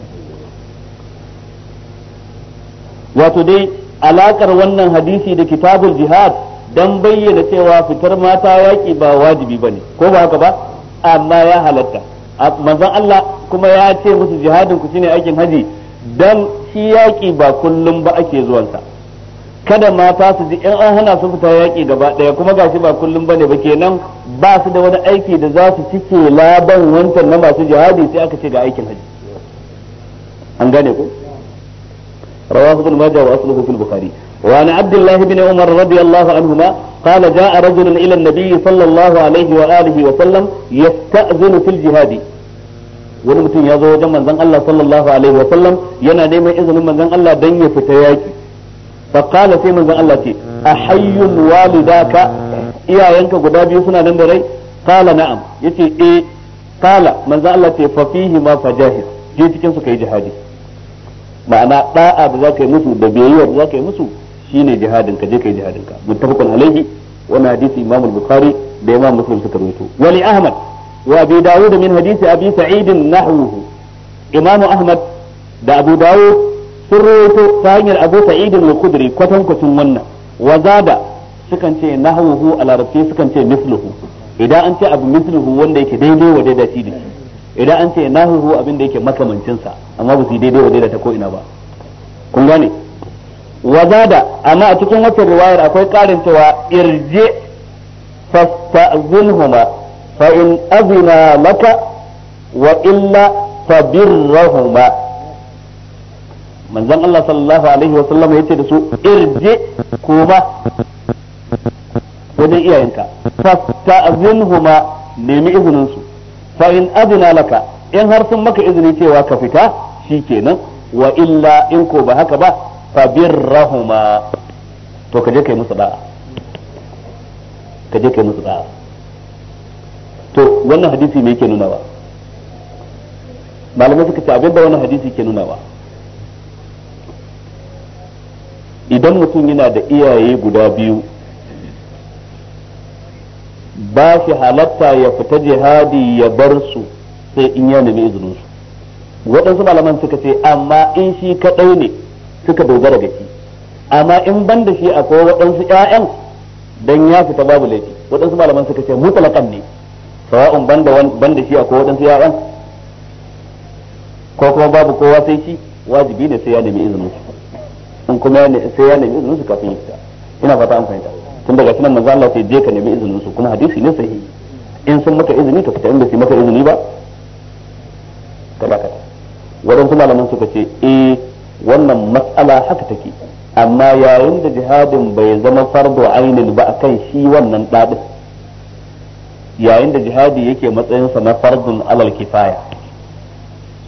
wato dai alakar wannan hadisi da kitabul jihad dan bayyana cewa fitar mata yaki ba wajibi bane ko ba haka ba amma ya halatta manzon Allah kuma ya ce musu jihadin ku shine aikin haji dan shi yaki ba kullum ba ake zuwansa kada mata su ji in an hana su fita yaki gaba daya kuma gashi ba kullum bane ba kenan ba su da wani aiki da za su cike laban wancan na masu jihadi sai aka ce ga aikin haji an gane ku رواه ابن ماجه واصله في البخاري وعن عبد الله بن عمر رضي الله عنهما قال جاء رجل الى النبي صلى الله عليه واله وسلم يستأذن في الجهاد wani mutum ya zo wajen manzon Allah sallallahu alaihi wa sallam yana neman izinin manzon Allah dan ya fita yaki fa qala sai manzon Allah ce ahayyun walidaka iyayenka guda biyu suna nan da rai qala na'am yace eh qala manzon Allah ce fa fihi ma fajahid je cikin su kai jihadi ma'ana da'a da zaka yi musu da biyayya za zaka yi musu shine jihadin ka je kai jihadin ka muttafaqun alaihi wannan hadisi imam al-bukhari da imam muslim suka rawaito wali ahmad wa abi dawud min hadisi abi sa'id nahwuhu imam ahmad da abu dawud sun rawaito ta hanyar abu sa'id al-khudri kwatan kwatan wannan wa zada sukan ce nahwuhu a larabci sukan ce misluhu idan an ce abu misluhu wanda yake daidai wa daidai da shi idan an ce nahu abin da yake makamancin sa amma ba su daidai wa daidaita ko ina ba kun gane wazada amma a cikin wata riwayar akwai karin cewa irje huma fa in azina maka wa illa fabirrahuma manzon Allah sallallahu alaihi wa sallam yace da su irje kuma wajen iyayenka huma nemi izinin su fa in adina laka in har sun maka izini cewa ka fita shikenan wa illa in ko ba haka ba fa birrahuma to ka je kai musu da'a ka je kai musu da'a to wannan hadisi me yake nuna ba malamai suka ce abin da wannan hadisi ke nuna ba idan mutum yana da iyaye guda biyu ba shi halatta ya fita jihadi ya bar su sai in ya nemi izinin su waɗansu malaman suka ce amma in shi kaɗai ne suka dogara da shi amma in ban da shi akwai waɗansu ƴaƴan dan ya fita babu laifi waɗansu malaman suka ce mutlaqan ne sawa'un ban da shi akwai waɗansu ƴaƴan ko kuma babu kowa sai shi wajibi ne sai ya nemi izinin su in kuma sai ya nemi izinin su kafin ya fita ina fata an fahimta tun daga sunan manzo Allah sai je ka nemi izinin su kuma hadisi ne sahihi in sun maka izini ka fita in ba su maka izini ba ka ba ka waɗansu malaman suka ce eh wannan matsala haka take amma yayin da jihadin bai zama fardo ainin ba akan shi wannan dadi yayin da jihadi yake matsayinsa na fardun alal kifaya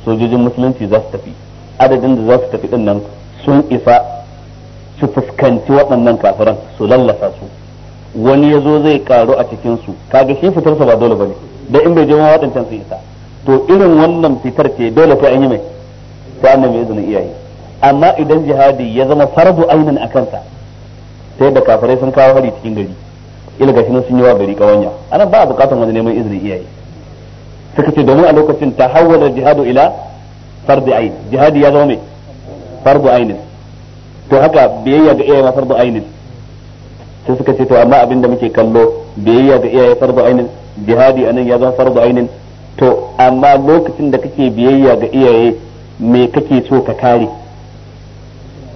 sojojin musulunci za su tafi adadin da za su tafi ɗin nan sun isa su fuskanci waɗannan kafiran su lallasa su wani ya zo zai karu a cikin su kaga shi fitarsa ba dole bane da in bai je ma waɗancan su isa to irin wannan fitar ce dole sai an yi mai sai an nemi izinin iyaye amma idan jihadi ya zama farbu ainin a kansa sai da kafirai sun kawo hari cikin gari ila gashi sun yi wa gari kawanya anan ba a bukatar wani neman izinin iyaye suka ce domin a lokacin ta tahawwala jihadu ila farbu ain jihadi ya zama mai farbu ainin to haka biyayya ga iyaye ma ainin sai suka ce to amma abin da muke kallo biyayya ga iyaye fardu ainin jihadi anan ya zama fardu ainin to amma lokacin da kake biyayya ga iyaye me kake so ka kare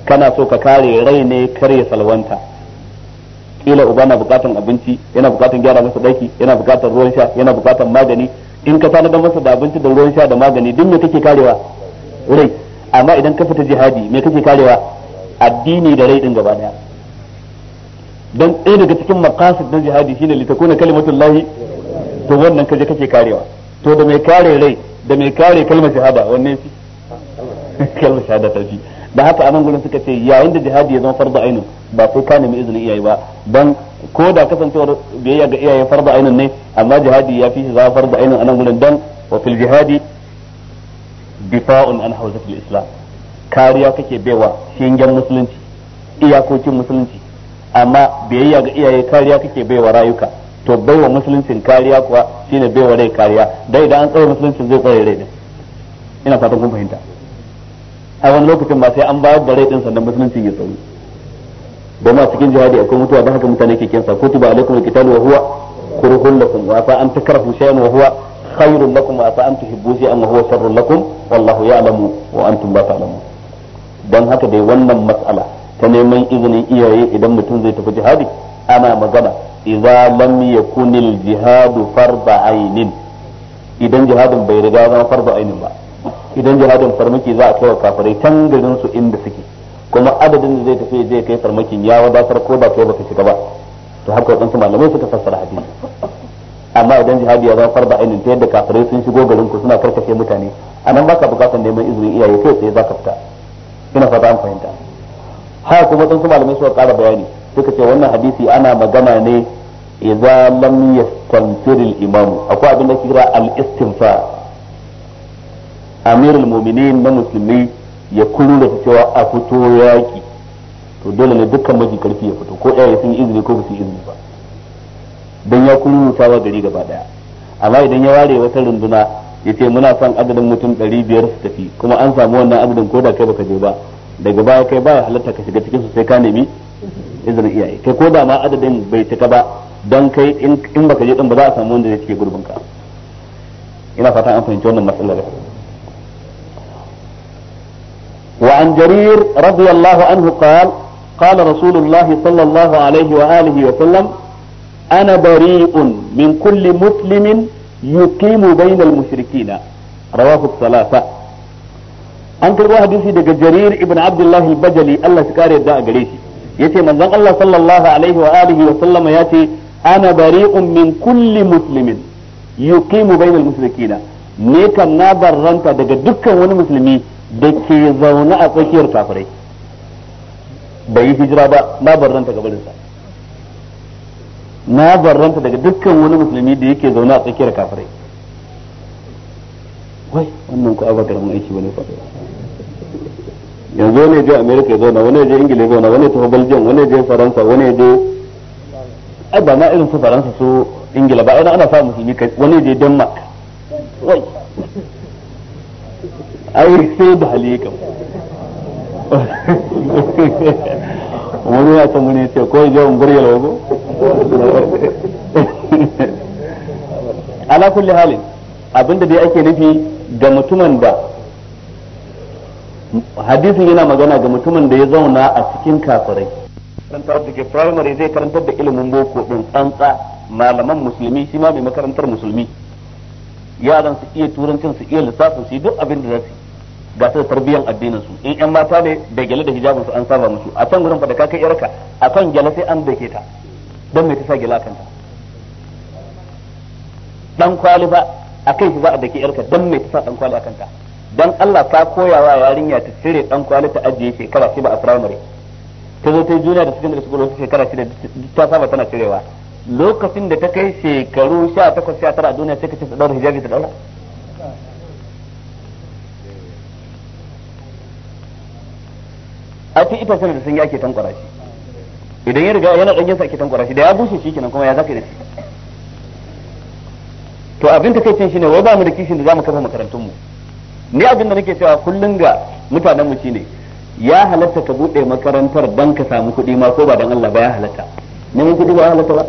kana so ka kare rai ne ya salwanta kila uba na bukatan abinci yana bukatan gyara masa daki yana bukatan ruwan sha yana bukatan magani in ka tanadar masa da abinci da ruwan sha da magani duk me kake karewa rai amma idan ka fita jihadi me kake karewa addini da rai din gaba daya dan ɗaya daga cikin maqasid na jihadi shine li takuna to wannan kaje kake karewa to da mai kare rai da mai kare kalmar shahada wanne fi kalmar shahada ta fi da haka anan gurin suka ce yayin da jihadi ya zama farda ainu ba sai ka nemi izinin iyaye ba dan ko da kasancewar biyayya ga iyaye farda ainun ne amma jihadi ya fi shi zama farda ainun anan gurin dan wa fil jihadi difa'un an hawzatil islam kariya kake baiwa shingen musulunci iyakokin musulunci amma biyayya ga iyaye kariya kake baiwa rayuka to baiwa musuluncin kariya kuwa shine baiwa rai kariya dai idan an tsare musuluncin zai kware rai din ina fatan kun fahimta a wani lokacin ba sai an bayar da rai din sannan musuluncin ya tsauri domin a cikin jihadi akwai mutuwa da haka mutane ke kinsa tuba alaikum alqitalu wa huwa kurhun lakum wa fa an takrahu shay'an wa huwa khairun lakum wa fa an tuhibbu shay'an wa huwa sharrun lakum wallahu ya'lamu wa antum la ta'lamun don haka dai wannan matsala ta neman izinin iyaye idan mutum zai tafi jihadi ana magana idza lam yakunil jihadu farda ainin idan jihadin bai riga zama farda ainin ba idan jihadin farmaki za a kawo kafirai can garin su inda suke kuma adadin da zai tafi zai kai farmakin ya wadatar ko ba kai baka shiga ba to haka su malamai suka fassara hadisi amma idan jihadi ya zama farda ainin ta yadda kafirai sun shigo garin ku suna karkashe mutane anan baka bukatar neman izinin iyaye kai sai zaka fita ina fata an fahimta haka kuma sun su malamai suka ƙara bayani suka ce wannan hadisi ana magana ne idza lam yastanfir al imam akwai abin da ke kira al istinfar al mu'minin na musulmi ya kullu da cewa a fito yaki to dole ne dukkan maji karfi ya fito ko iyaye sun izini ko ba su izini ba dan ya kullu tawa gari gaba daya amma idan ya ware wata runduna yace muna son adadin mutum 500 su tafi kuma an samu wannan adadin ko da kai baka je ba daga baya kai baya halatta ka shiga cikin su sai ka nemi izinin iyaye kai ko da ma adadin bai cika ba don kai in baka je din ba za a samu wanda zai cike gurbin ka ina fatan an fahimci wannan matsalar wa an jarir radiyallahu anhu qala qala rasulullahi sallallahu alaihi wa alihi wa sallam ana bari'un min kulli muslimin yuqimu bainal mushrikina rawahu thalatha an karbo hadisi daga jarir ibn abdullahi bajali Allah ya kare da a gare shi yace manzon Allah sallallahu alaihi wa alihi wa sallama yace ana bari'un min kulli muslimin yuqimu bainal mushrikina ne kan na barranta daga dukkan wani musulmi da ke zaune a tsakiyar kafirai bai yi hijira ba na barranta gabarinsa na barranta daga dukkan wani musulmi da yake zaune a tsakiyar kafirai wai wannan ku ba karamin aiki bane fa yanzu wani je america ya zauna wani je ingila ya zauna wani tafi belgium wani je faransa wani je ai ba ma irin su faransa su ingila ba ina ana sa musulmi kai wani je denmark wai ai sai ba halika wani ya san wani ce ko yau gurya lawo ala kulli halin abinda dai ake nufi ga mutumin da hadisin yana magana ga mutumin da ya zauna a cikin kafirai karantar da ke primary zai karantar da ilimin boko din tsantsa malaman musulmi shi ma mai makarantar musulmi yaran su iya turancin su iya lissafin su duk abin da za ga sai tarbiyyar addinin su in yan mata ne da gyale da hijabin su an saba musu a can gurin fa da ka kai yarka a kan gyale sai an dake ta dan me ta sa kan ta. dan kwali ba kai ki za a dake yarka dan me ta sa dan kwali a ta dan Allah ta koyawa yarinya ta cire dan kwali ta ajiye shekara shi ba a firamare ta zo ta yi juna da secondary school wata shekara da ta saba tana cirewa lokacin da ta kai shekaru sha tara a duniya sai ka ce ta ɗaura hijabi ta ɗaura. a ita sanar da sun yi ake tankwara shi idan ya riga yana ɗanyensa ake tankwara shi da ya bushe shi kenan kuma ya zaka da shi to abin ta kai ne wai ba mu da kishin da za mu kafa makarantun mu ni abin da nake cewa kullun ga mutanen mu shine ya halatta ka bude makarantar dan ka samu kuɗi ma ko ba dan Allah ba ya halatta mun kuɗi ba halatta ba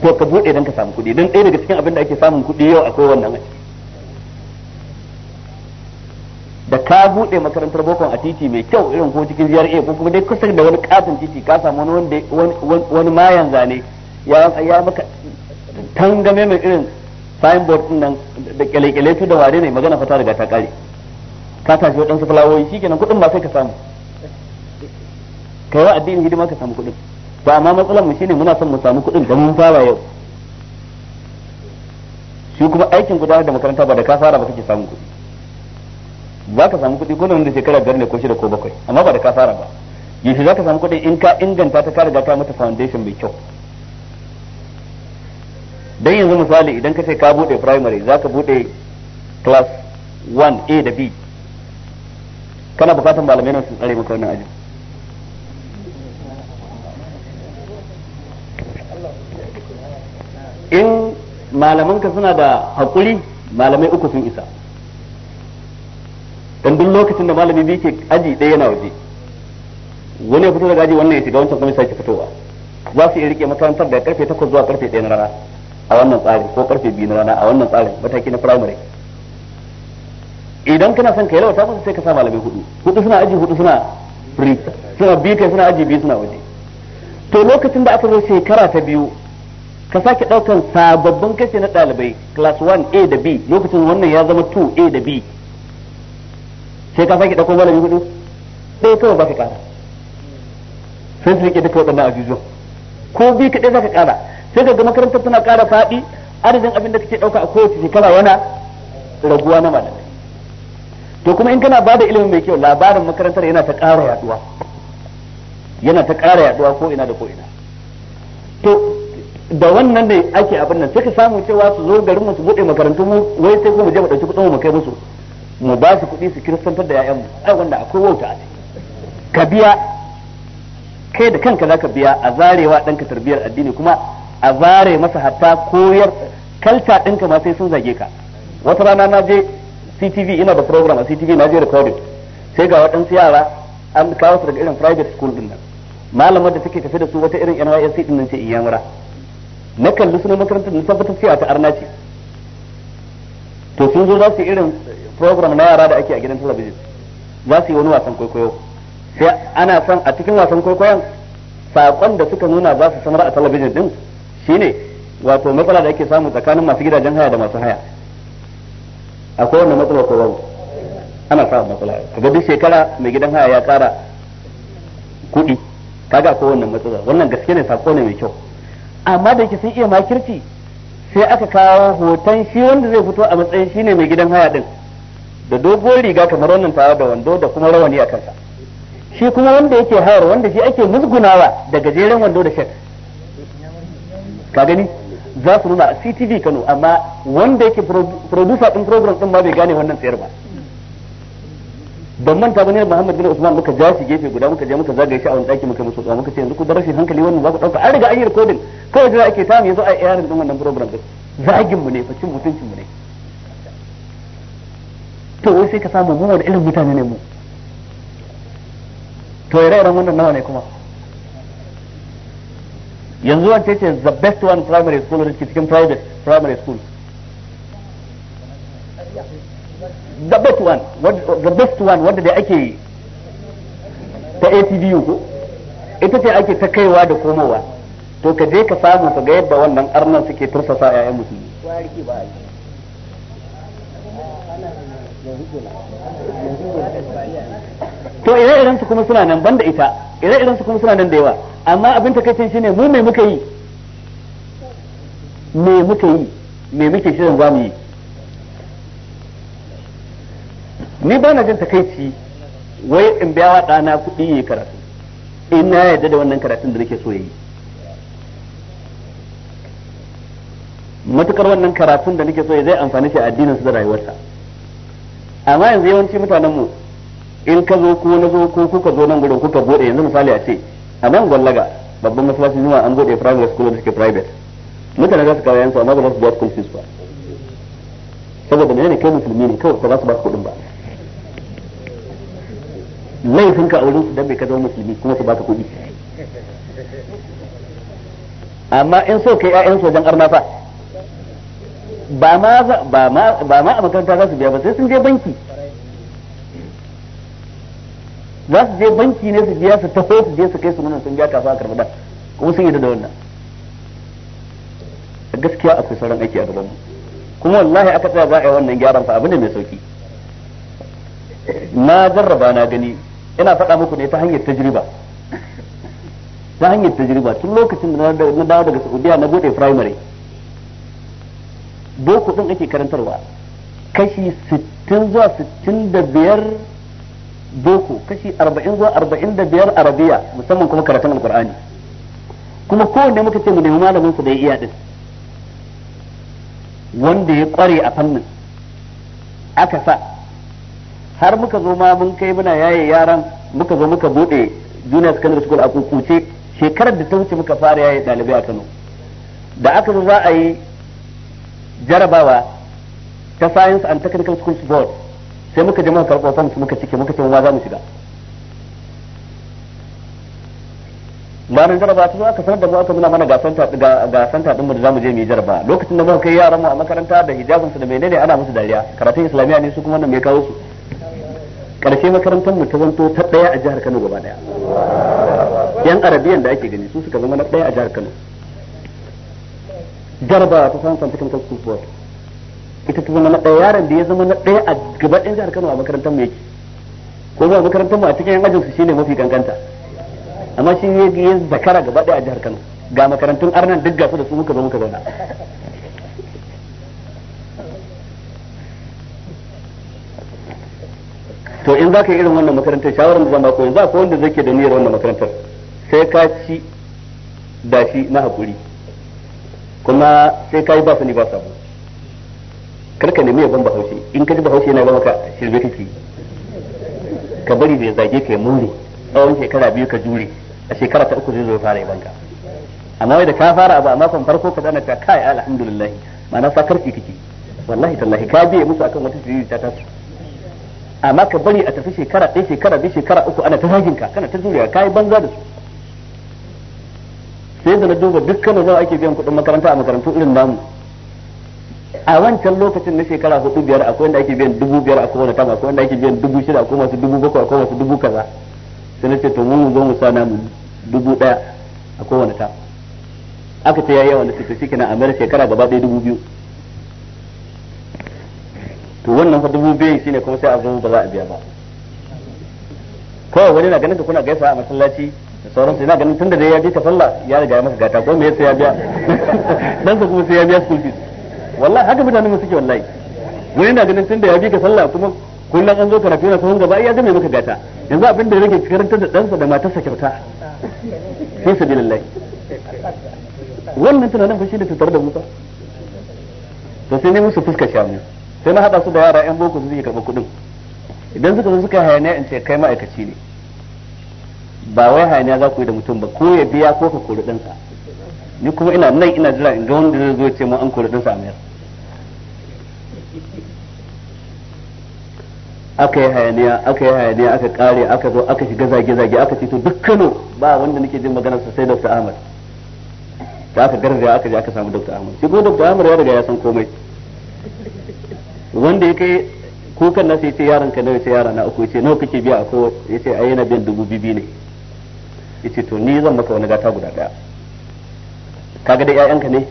to ka bude dan ka samu kuɗi dan ɗaya daga cikin abin da ake samun kuɗi yau akwai wannan a ciki da ka bude makarantar bokon a titi mai kyau irin ko cikin a ko kuma dai kusa da wani katin titi ka samu wani wanda wani mayan zane ya ya maka tangame mai irin signboard din nan da kyalekyale su da ware ne magana fata daga ta kare ka tashi waɗansu fulawoyi shikenan kuɗin ba sai ka samu kai wa addinin hidima ka samu kuɗin ba amma matsalar mu shine muna son mu samu kuɗin da mun fara yau shi kuma aikin gudanar da makaranta ba da ka fara ba kake samun kuɗi ba ka samu kuɗi ko nan da shekara biyar ne ko shida ko bakwai amma ba da ka fara ba yaushe za ka samu kuɗi in ka inganta ta ka riga ka mata foundation mai kyau dan yanzu misali idan ka ce ka bude primary za ka bude class 1 A da B kana bukatan malamai na su tsare maka wannan ajin in malamanka suna da hakuri malamai uku sun isa dan duk lokacin da malami bi ke aji ɗaya yana waje wani ya fito daga aji wannan ya shiga wancan kuma sake fitowa za su iya rike makarantar da karfe 8 zuwa karfe 1 na rana a wannan tsari ko karfe 2 na rana a wannan tsarin mataki na primary idan kana son ka yi lawata sai ka sa malamai hudu hudu suna aji hudu suna free suna biyu kai suna aji biyu suna waje to lokacin da aka zo shekara ta biyu ka sake daukan sababbin kashe na dalibai class 1 A da B lokacin wannan ya zama 2 A da B sai ka sake dauko malami hudu sai kawai baka kara sai su rike duka waɗannan ajujuwan ko bi kaɗai ka kara sai ka ga makarantar tana kara faɗi adadin abin da kake ɗauka a kowace shekara wana raguwa na malamai to kuma in kana ba da ilimin mai kyau labarin makarantar yana ta ƙara yaduwa yana ta ƙara yaduwa ko ina da ko ina to da wannan ne ake abin nan sai ka samu cewa su zo garin mu su bude makarantun mu wai sai kuma mu je mu dauki kudin mu kai musu mu ba su kuɗi su kiristantar da ƴaƴanmu ai wanda akwai wauta a ciki ka biya kai da kanka zaka biya a zarewa ɗanka tarbiyyar addini kuma a zare masa hatta koyar kalta ɗinka ma sai sun zage ka wata rana na je CTV ina da program a CTV na je recording sai ga waɗansu yara an kawo su daga irin private school din nan malamar da take tafi da su wata irin NYSC din nan ce iyamura na kalli sunan makarantar na tabbatar cewa ta arna ce to sun zo za su irin program na yara da ake a gidan talabijin za su yi wani wasan kwaikwayo sai ana son a cikin wasan kwaikwayon sakon da suka nuna za su sanar a talabijin din shine wato matsala da ake samu tsakanin masu gidajen haya da masu haya akwai wannan matsala ko babu ana samun matsala kaga duk shekara mai gidan haya ya kara kuɗi kaga ko wannan matsala wannan gaske ne sako ne mai kyau amma da yake sun iya makirci sai aka kawo hoton shi wanda zai fito a matsayin shine mai gidan haya din da dogon riga kamar wannan tare da wando da kuma rawani a kansa shi kuma wanda yake hayar wanda shi ake musgunawa da gajeren wando da shek ka gani za su nuna a CTV Kano amma wanda yake producer din program din ma bai gane wannan tsayar ba ban manta bane Muhammad bin Usman muka ja shi gefe guda muka je muka zagaye shi a wani daki muka musu tsawa muka ce yanzu ku da rashin hankali wannan za ku dauka an riga an yi recording kawai da ake tamu yanzu a yaran din wannan program din zagin mu ne fa cin mutuncin mu ne to wai sai ka samu mu wani irin mutane ne mu to ya iren wannan nawa ne kuma yanzu an ce the best one primary school da cikin private primary school the best one the best one wanda da ake ta ATBU ko ita ce ake ta kaiwa da komowa to ka je ka samu ka ga yadda wannan arnan suke tursasa 'ya'yan musulmi to ire iren su kuma suna nan banda ita ire iren su kuma suna nan da yawa amma abin takaicin shine mu me muka yi me muka yi me muke shirin za mu yi ni ba na jin takaici wai in biya wa ɗana kuɗi ya yi karatu in na yarda da wannan karatun da nake so ya yi matukar wannan karatun da nake so ya zai amfani shi a addinin su da rayuwarsa amma yanzu yawanci mutanen mu in ka zo ko na zo ko kuka zo nan gurin kuka bude yanzu misali a ce a nan gwallaga babban masallacin zuwa an bude private school da suke private mutane za su kawo yansu amma ba za su biya school fees ba saboda ne kai musulmi ne kawai ba za su ba su kuɗin ba laifin ka a wurin su dan bai ka zama musulmi kuma su ba ka kuɗi amma in so kai ƴaƴan sojan arna fa ba ma ba ma ba ma a makaranta za su biya ba sai sun je banki za su je banki ne su biya su taho su je su kai su sun biya kafa a da kuma sun yi da wannan gaskiya akwai sauran aiki a gabanmu mu kuma wallahi aka tsaya za a yi wannan gyaran fa abin mai sauki na jarraba na gani ina faɗa muku ne ta hanyar tajriba ta hanyar tajriba tun lokacin da na dawo daga Saudiya na bude primary boko din ake karantarwa kashi 60 zuwa 65 boko kashi 40 zuwa 45 arabiya musamman kuma karatun alqur'ani kuma kowanne muka ce mu nemi malamin su da ya iya din wanda ya kware a fannin aka sa har muka zo ma mun kai muna yaye yaran muka zo muka bude junior secondary school a kukuce shekarar da ta wuce muka fara yaye dalibai a Kano da aka zo za a yi jarabawa ta science and technical schools board sai muka je muka karɓo forms muka cike muka ce ma za mu shiga bayan jaraba ta zo aka sanar da mu aka nuna mana ga santa taɗin mu da zamu je mu yi jaraba lokacin da muka kai yaran mu a makaranta da hijabinsu da menene ana musu dariya karatun islamiyya ne su kuma nan me kawo su karshe makarantar mu ta zanto ta ɗaya a jihar Kano gaba ɗaya yan arabiyan da ake gani su suka zama na ɗaya a jihar Kano garba ta samun fantakan kan kubuwar ita ta zama na ɗaya yaron da ya zama na ɗaya a gabaɗin jihar kano a makarantar mu yake ko ba makarantar mu a cikin yan ajinsu shine mafi ganganta amma shi ya yi zakara gaba ɗaya a jihar kano ga makarantun arnan duk gasu da su muka zo muka zauna to in za ka yi irin wannan makarantar shawarar da zan bako yanzu akwai wanda zai ke da niyyar wannan makarantar sai ka ci da shi na haƙuri kuma sai kai ba su ne ba sabo kar ka nemi yabon bahaushe in ka ji bahaushe yana ga maka shirme kake ka bari bai zage ka mure tsawon shekara biyu ka jure a shekara ta uku zai zo fara yaban ka amma wai da ka fara abu a makon farko ka zana ta kai alhamdulillah ma'ana sa karfi kake wallahi tallahi ka biye musu akan wata shiriri ta tasu amma ka bari a tafi shekara ɗaya shekara biyu shekara uku ana ta zagin ka kana ta jure ka yi banza da su sai da na duba dukkan da ake biyan kuɗin makaranta a makarantu irin namu a wancan lokacin na shekara hudu biyar akwai wanda ake biyan dubu biyar akwai wanda tama akwai wanda ake biyan dubu shida akwai masu dubu bakwai akwai masu dubu kaza sai na ce to mu zo mu sa namu dubu daya akwai wanda ta aka ce yayi yawa na ce to shikenan a mayar shekara gaba ɗaya dubu biyu to wannan fa dubu biyu shine kuma sai a zo ba za a biya ba kawai wani na ganin da kuna gaisa a masallaci sauran su ina ganin tunda dai ya je ka sallah ya riga ya masa gata ko me yasa ya biya [LAUGHS] dan sa kuma sai ya biya school fees wallahi haka mutane mu suke wallahi wani ina ganin tunda ya je ka sallah kuma kullum an zo karatu yana sahun gaba ya game maka gata yanzu abin da yake karantar da sa da matarsa kyauta sai su lillahi wannan tunanin shi da tutar da musa to sai ne musu fuska shamu sai na haɗa su da yara yan boko su zai karɓar kuɗin idan suka zo suka hayaniya in ce kai ma'aikaci ne ba wai hayaniya za ku yi da mutum ba ko ya biya ko ka kori ɗansa ni kuma ina nan ina jira in ga wanda zai zo ce mu an kori ɗansa a mayar aka yi hayaniya aka yi hayaniya aka kare aka zo aka shiga zage-zage aka ce to dukkanu ba wanda nake jin maganar sa sai Dr. Ahmad ta aka garzaya aka je aka samu Dr. Ahmad shigo kuma Dr. Ahmad ya riga ya san komai wanda ya kai kukan nasa ya ce yaron ka nawa ya ce yara na uku ya ce nawa kake biya a kowa ya ce ayyana yana biyan dubu bibi ne yace to ni zan maka wani gata guda daya kaga da ƴaƴanka ne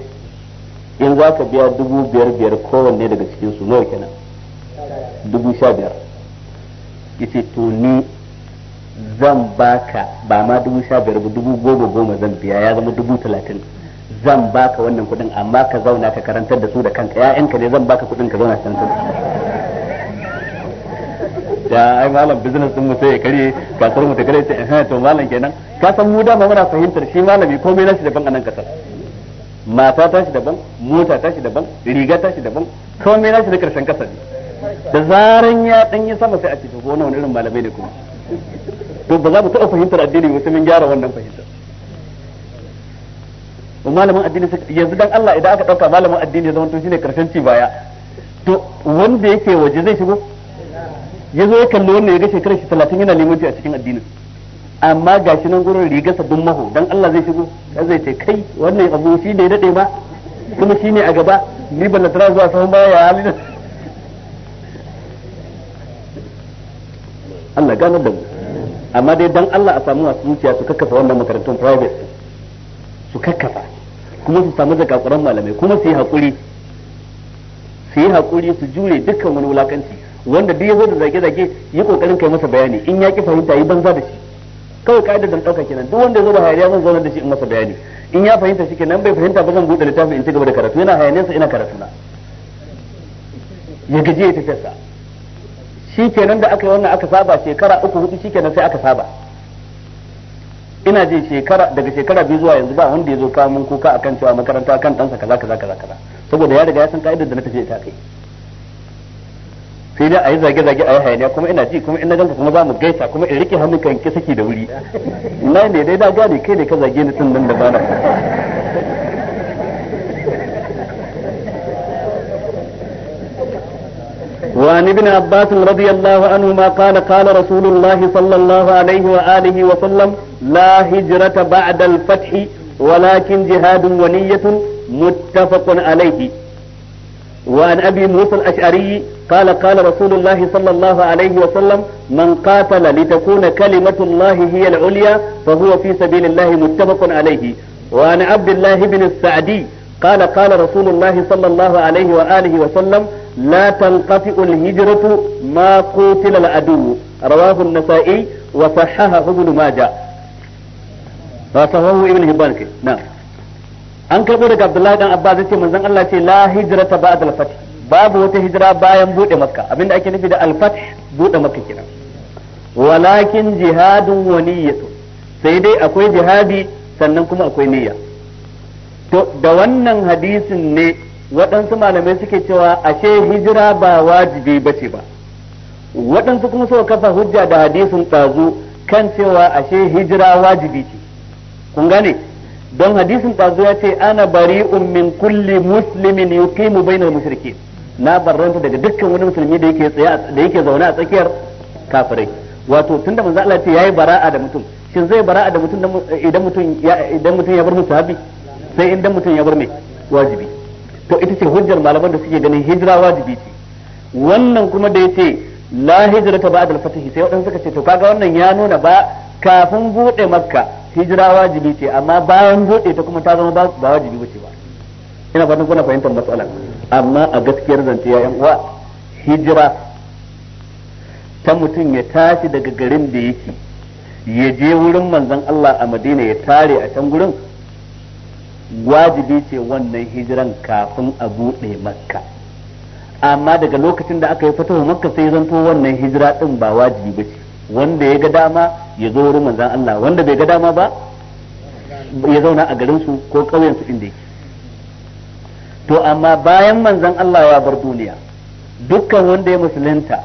in za ka biya dubu biyar biyar kowanne daga cikin su nawa kenan dubu sha biyar yace to ni zan baka ba ma dubu sha biyar ba dubu goma goma zan biya ya zama dubu talatin zan baka wannan kuɗin amma ka zauna ka karantar da su da kanka ƴaƴanka ne zan baka kuɗin ka zauna ka karantar da su ya ai malam business din mu sai ya kare kasar mu ta kare ta eh to malam kenan ka san mu da ba muna fahimtar shi malami komai nashi daban a nan kasar mata ta shi daban mota ta shi daban riga ta shi daban komai nashi na karshen kasar da zaran ya dan yi sama sai a ce to gona wani irin malamai ne kuma to ba za mu taɓa fahimtar addini ba sai mun gyara wannan fahimtar malamin addini yanzu dan Allah idan aka dauka malamin addini zaman to shine karshen ci baya to wanda yake waje zai shigo ya zo ya kalli wannan ya ga shekarar shi talatin yana limanci a cikin addinin amma shi nan gurin riga sabbin maho dan Allah zai shigo zai ce kai wannan abu shi ne daɗe ba kuma shi ne a gaba ni ban da tara zuwa sahun baya ya halin Allah ganar da mu amma dai dan Allah a samu masu zuciya su kakkafa wannan makarantun private su kakkafa kuma su samu zakakuran malamai kuma su yi haƙuri su yi haƙuri su jure dukkan wani wulakanci wanda duk yazo da zage zage yi kokarin kai masa bayani in ya ki fahimta yi banza da shi kawai kaida da ɗauka kenan duk wanda yazo da hayaniya zan zauna da shi in masa bayani in ya fahimta shi kenan bai fahimta ba zan buɗe littafin in ci gaba da karatu yana hayaniyarsa ina karatu na ya gaji ya sa shi kenan da aka yi wannan aka saba shekara uku hudu shi kenan sai aka saba ina ji shekara daga shekara biyu zuwa yanzu ba wanda ya zo kawo mun kuka akan cewa makaranta kan ɗansa kaza kaza kaza kaza saboda ya riga ya san ka'idar da na tafi ita kai sai dai a yi zage-zage a yi hayaniya kuma ina ji kuma ina ganka kuma za mu gaisa kuma in rike hannun kan ki saki da wuri na ne dai na gane kai ne ka zage ni tun nan da bana وعن ابن عباس رضي الله عنهما قال قال رسول الله صلى الله عليه وآله وسلم لا هجرة بعد الفتح ولكن جهاد ونية متفق عليه وعن أبي موسى الأشعري قال قال رسول الله صلى الله عليه وسلم من قاتل لتكون كلمة الله هي العليا فهو في سبيل الله متفق عليه وعن عبد الله بن السعدي قال قال رسول الله صلى الله عليه وآله وسلم لا تنقطع الهجرة ما قتل العدو رواه النسائي وصححه ابن ماجه فصححه ابن هبانك نعم an karbo daga Abdullahi dan abba zai ce manzon Allah ce la hijrata ba'da al-fath babu wata hijira bayan bude makka abinda ake nufi da al-fath bude makka kenan walakin jihadun wa niyyatu sai dai akwai jihadi sannan kuma akwai niyya to da wannan hadisin ne waɗansu malamai suke cewa ashe hijira ba wajibi bace ba waɗansu kuma suka kafa hujja da hadisin ɗazu kan cewa ashe hijira wajibi ce kun gane don hadisin ɗazu ya ce ana bari min kulli muslimin yuqimu bainal mushrikin na barranta daga dukkan wani musulmi da yake tsaye da yake zaune a tsakiyar kafirai wato tunda manzo Allah ce yi bara'a da mutum shin zai bara'a da mutum idan mutum idan mutum ya bar musahabi sai idan mutum ya bar mai wajibi to ita ce hujjar malaman da suke ganin hijira wajibi ce wannan kuma da yace la hijrata ba'da al-fath sai wadansu suka ce to kaga wannan ya nuna ba kafin bude makka hijira wajibi ce amma bayan bude ta kuma ta zama ba wajibi bace ba ina fatan kuna fahimtar matsalar amma a gaskiyar zance ya yan uwa hijira ta mutum ya tashi daga garin da yake ya je wurin manzon Allah a Madina ya tare a can gurin wajibi ce wannan hijiran kafin a bude makka amma daga lokacin da aka yi fatahu makka sai zanto wannan hijira din ba wajibi ba ce wanda ya ga dama ya zo wurin manzan Allah wanda bai ga dama ba ya zauna a garin su ko ƙauyen su inda yake to amma bayan manzan Allah ya bar duniya dukkan wanda ya musulunta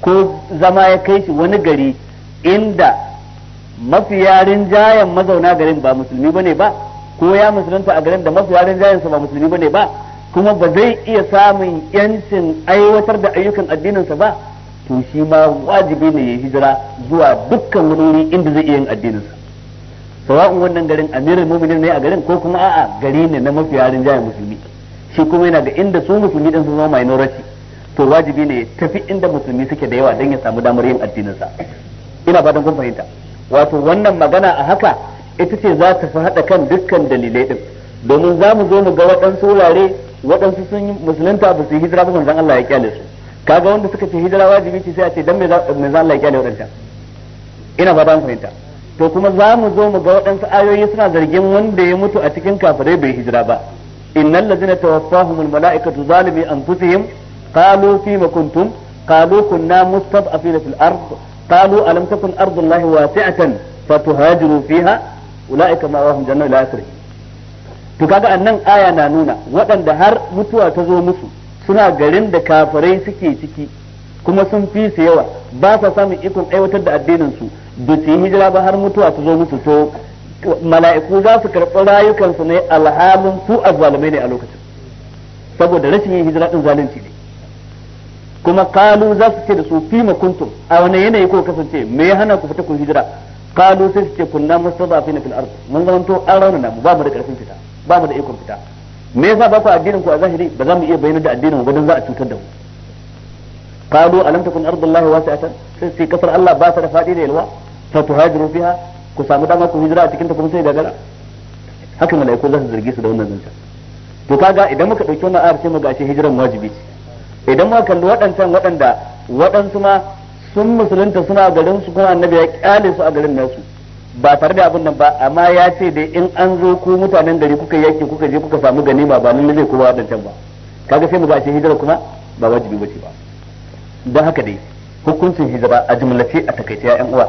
ko zama ya kai shi wani gari inda mafi yarin jayan mazauna garin ba musulmi bane ba ko ya musulunta a garin da yarin jayan sa ba musulmi bane ba kuma ba zai iya samun yancin aiwatar da ayyukan addininsa ba to shi ma wajibi ne ya hijira zuwa dukkan wuri inda zai iya yin addininsa sawa'un wannan garin amirin mu'minin ne a garin ko kuma a'a gari ne na mafi yarin rinjaye musulmi shi kuma yana ga inda su musulmi din sun zama minority to wajibi ne ya tafi inda musulmi suke da yawa don ya samu damar yin addininsa ina fatan kun fahimta wato wannan magana a haka ita ce za ta fi haɗa kan dukkan dalilai ɗin domin za mu zo mu ga waɗansu wurare waɗansu sun yi musulunta ba su yi hijira ba manzon Allah ya kyale su kaga wanda suka ce hijira wajibi ce sai a ce dan me manzon Allah ya kyale waɗancan ina fata an fahimta to kuma za mu zo mu ga waɗansu ayoyi suna zargin wanda ya mutu a cikin kafirai bai hijira ba innal ladzina tawaffahumul malaikatu zalimi anfusihim qalu fima kuntum qalu kunna mustad'afina fil ard قالوا ألم تكن أرض الله واسعة فتهاجروا فيها أولئك مأواهم جنة إلى to kaga annan aya na nuna waɗanda har mutuwa ta zo musu suna garin da kafirai suke ciki kuma sun fi su yawa ba sa samun ikon aiwatar da addinin su da su yi hijira ba har mutuwa ta zo musu to mala'iku za su karɓi rayukansu ne alhalin su azzalumai ne a lokacin saboda rashin yin hijira din zalunci ne kuma kalu za su ce da su fi kuntum a wani yanayi ko kasance me ya hana ku fita ku hijira kalu sai su ce kunna mustadafina fil ard mun zamanto an na mu ba da karfin fita ba mu da ikon fita me yasa ba ku addinin ku a zahiri ba za mu iya bayyana da addinin mu ba dan za a cutar da mu qalu alam takun ardullahi wasi'atan sai sai kasar Allah ba ta da fadi da yalwa fa tuhajiru fiha ku samu dama ku hijira a cikin ta kuma sai gagara haka malaiku za su zargi su da wannan zanta to kaga idan muka dauki wannan ayar sai mu ga shi hijiran wajibi ce idan muka kalli waɗancan waɗanda waɗansu ma sun musulunta suna garin su kuma annabi ya kyale su a garin nasu ba tare da abin nan ba amma ya ce dai in an zo ku mutanen gari kuka yaƙi kuka je kuka samu ganima ba nan zai kuma wadancan ba kaga sai mu ba shi hijira kuma ba wajibi bace ba don haka dai hukuncin hijira a jumlace a takaice ya uwa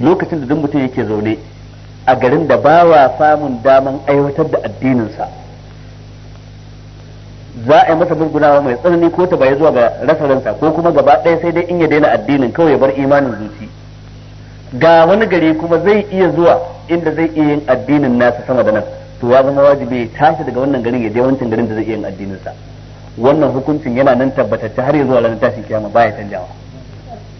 lokacin da duk mutum yake zaune a garin da bawa wa samun daman aiwatar da addininsa za a yi masa gurgunawa mai tsanani ko ta baya zuwa ga rasa ransa ko kuma gaba ɗaya sai dai in ya daina addinin kawai ya bar imanin zuci ga wani gari kuma zai iya zuwa inda zai iya yin addinin nasa sama da nan to ya zama wajibi ya tashi daga wannan garin ya je wancan garin da zai iya yin addinin sa wannan hukuncin yana nan tabbatacce har ya zuwa ranar tashin kiyama baya canjawa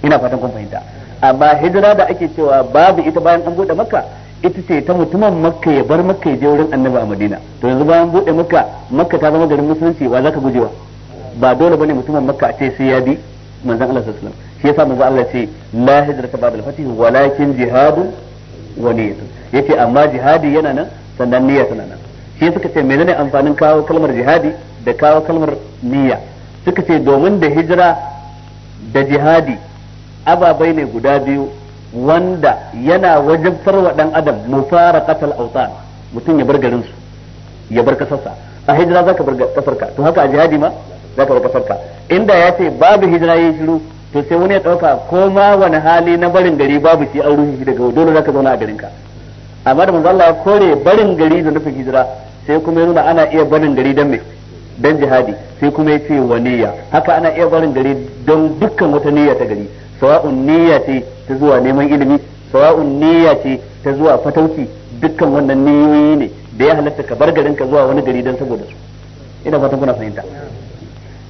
ina fatan kun fahimta amma hijira da ake cewa babu ita bayan an bude makka ita ce ta mutumin makka ya bar makka ya je wurin annabi a madina to yanzu bayan bude makka makka ta zama garin musulunci wa zaka gujewa ba dole bane mutumin makka a ce sai ya bi manzon Allah sallallahu alaihi wasallam shi yasa manzon Allah ce la hijrata ba'da fatih walakin jihadu wa niyyatun yace amma jihadi yana nan sannan niyya tana nan shi suka ce menene amfanin kawo kalmar jihadi da kawo kalmar niyya suka ce domin da hijira da jihadi ababai ne guda biyu wanda yana wajabtar wa dan adam mufaraqatul awtan mutum ya bar garin su ya bar kasarsa a hijira zaka bar kasarka to haka a jihadi ma za ka kasarka inda ya ce babu hijira ya shiru to sai wani ya dauka ko ma wani hali na barin gari babu shi auren shi daga dole ka zauna a garinka amma da manzo Allah ya kore barin gari da nufin hijira sai kuma ya nuna ana iya barin gari dan me dan jihadi sai kuma ya ce wa haka ana iya barin gari don dukkan wata niyya ta gari sawa'un niyya ce ta zuwa neman ilimi sawa'un niyya ce ta zuwa fatauci dukkan wannan niyoyi ne da ya halatta ka bar garinka zuwa wani gari dan saboda su ina fatan kuna fahimta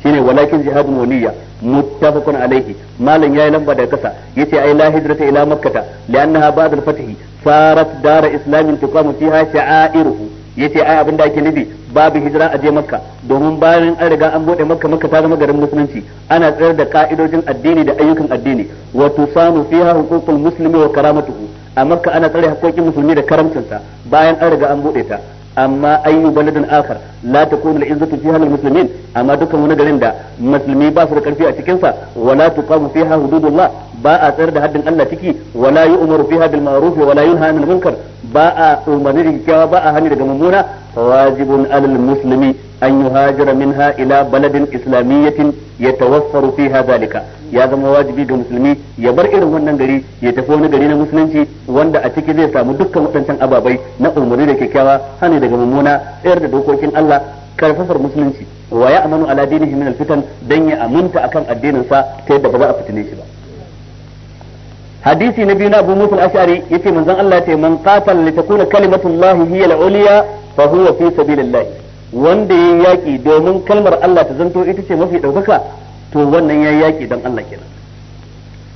shine walakin jihadun waniya muttafaqun alayhi malam yayi lamba da kasa yace ai la hijrata ila makkata li'annaha ba'da al-fath sarat dar islamin tuqamu fiha sha'airuhu yace ai abin da ake nufi babu hijira a je makka domin bayan an riga an bude makka makka ta zama garin musulunci ana tsayar da ka'idojin addini da ayyukan addini wa tusanu fiha huququl muslimi wa karamatuhu a makka ana tsare haƙoƙin musulmi da karamcinsa bayan an riga an bude ta amma ayu baladin akar la takunu al-izzatu fi halar musulmin amma dukkan wani garin da musulmi ba su da karfi a cikin sa wala tuqamu fiha hududullah ba a tsayar da haddin Allah ciki wala yu'maru fiha bil ma'ruf wala yunha anil munkar ba a umarni da kyakkyawa ba a hani daga mummuna wajibun alal musulmi an yuhajira minha ila baladin islamiyyatin fi ha zalika ya zama wajibi ga musulmi ya bar irin wannan gari ya tafi wani gari na musulunci wanda a ciki zai samu dukkan waɗancan ababai na umarni da kyakkyawa hani daga mummuna tsayar da dokokin Allah karfafar musulunci wa ya amanu ala dinihi min dan ya aminta akan addinin sa ta yadda ba a fitine shi ba hadisi na biyu na Abu Musa ya ce yace manzon Allah ya kafan man qatala li takuna kalimatullahi hiya al-ulya fa huwa fi sabilillah wanda ya yaƙi domin kalmar Allah ta zanto ita ce mafi ɗaukaka to wannan ya yaƙi don Allah kenan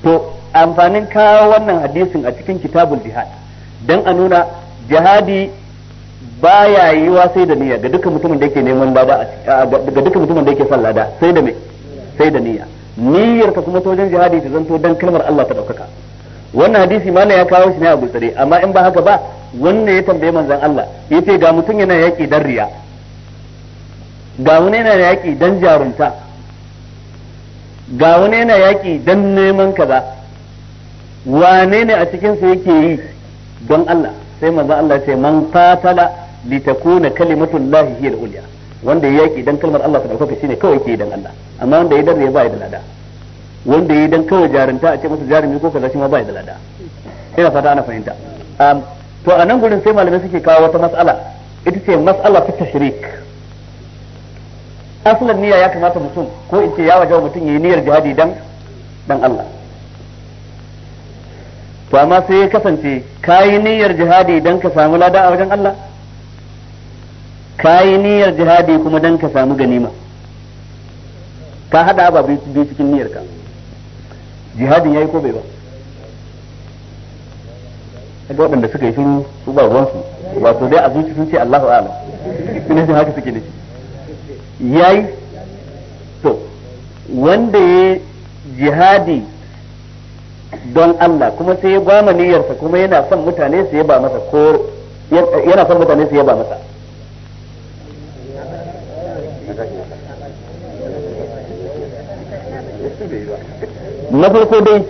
to amfanin kawo wannan hadisin a cikin kitabul jihad don a nuna jihadi yi wa sai da niyya ga dukkan mutumin da yake neman baba ga dukkan mutumin da yake son lada sai da me sai da niyya niyyar ka kuma tojin jihadi ta zanto don kalmar Allah ta ɗaukaka wannan hadisi ma ya kawo shi ne a gutsare amma in ba haka ba wannan ya tambaye manzon Allah yace ga mutum yana yaƙi dan riya ga wani yana yaƙi don jarunta ga wani yana yaƙi don neman ba wane ne a cikinsu yake yi don Allah sai manzo Allah ce man qatala litakuna kalimatullahi hiya al-ulya wanda ya yaƙi don kalmar Allah ta dauka shine kawai yake don Allah amma wanda ya darne ba ya da lada wanda ya dan kawai jarinta a ce masa jarumi ko kaza shi ma ba ya da lada ina fata ana fahimta to a nan gurin sai malamai suke kawo wata mas'ala ita ce mas'ala ta tashrik asalin niyya ya kamata mutum ko in ce ya waje mutum ya yi niyyar jihadi dan dan Allah to amma sai ya kasance yi niyyar jihadi dan ka samu lada a wajen Allah yi niyyar jihadi kuma dan ka samu ganima ka hada ba biyu cikin niyyar ka jihadin yayi ko bai ba ga waɗanda suka yi shiru su ba ruwansu wato dai a zuci sun ce Allahu a'lam ina jin haka suke nufi yayi to wanda ya jihadi don Allah kuma sai ya gwama niyyarsa kuma yana son mutane su yaba masa ko yana son mutane su yaba masa na farko dai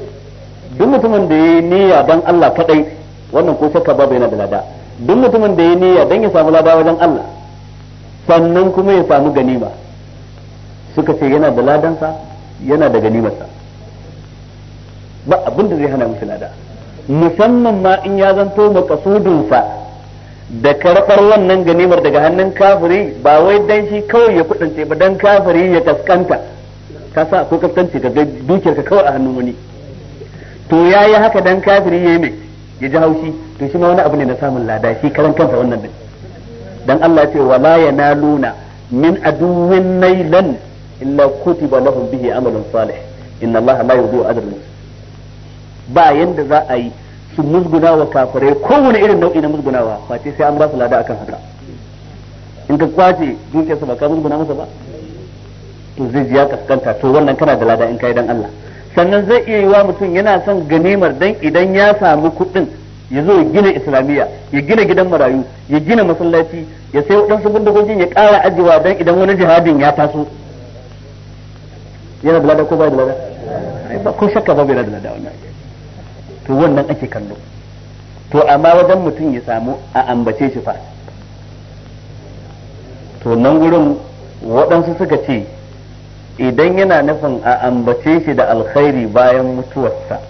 duk mutumin da ya yi niyya don Allah kadai wannan ko shakka babu yana da lada duk mutumin da ya yi niyya don ya samu lada wajen Allah sannan kuma ya samu ganima suka ce yana da ladansa yana da ganimarsa ba abin da zai hana musu lada musamman ma in ya zanto makasudinsa da karɓar wannan ganimar daga hannun kafiri ba wai dan shi kawai ya kudance ba dan kafiri ya kaskanta ka sa ko kaskance ka ga dukiyar ka kawai a hannun wani to yayi haka dan kafiri yayi mai ya ji haushi to shi ma wani abu ne na samun lada shi karan kansa wannan din dan Allah ya ce wala yanaluna min aduwwin nailan illa kutiba lahum bihi amalun salih inna Allah la yudhi'u ajra ba yanda za a yi su musguna wa kafirai kowane irin nau'i na musgunawa ce sai an ba su lada akan haka in ka kwace dukiyarsa ba ka musguna masa ba to zai ji ya kaskanta to wannan kana da lada in kai dan Allah sannan zai iya yi wa mutum yana son ganimar dan idan ya samu kuɗin ya zo ya gina islamiyya ya gina gidan marayu ya gina masallaci ya sai waɗansu bindagogin ya ƙara ajiyewa don idan wani jihadin ya taso yana bulada ko ba bulada lada ba ko shakka ba bai da lada wannan to wannan ake kallo to amma wajen mutum ya samu a ambace shi fa to nan gurin waɗansu suka ce idan yana nufin a ambace shi da alkhairi bayan mutuwarsa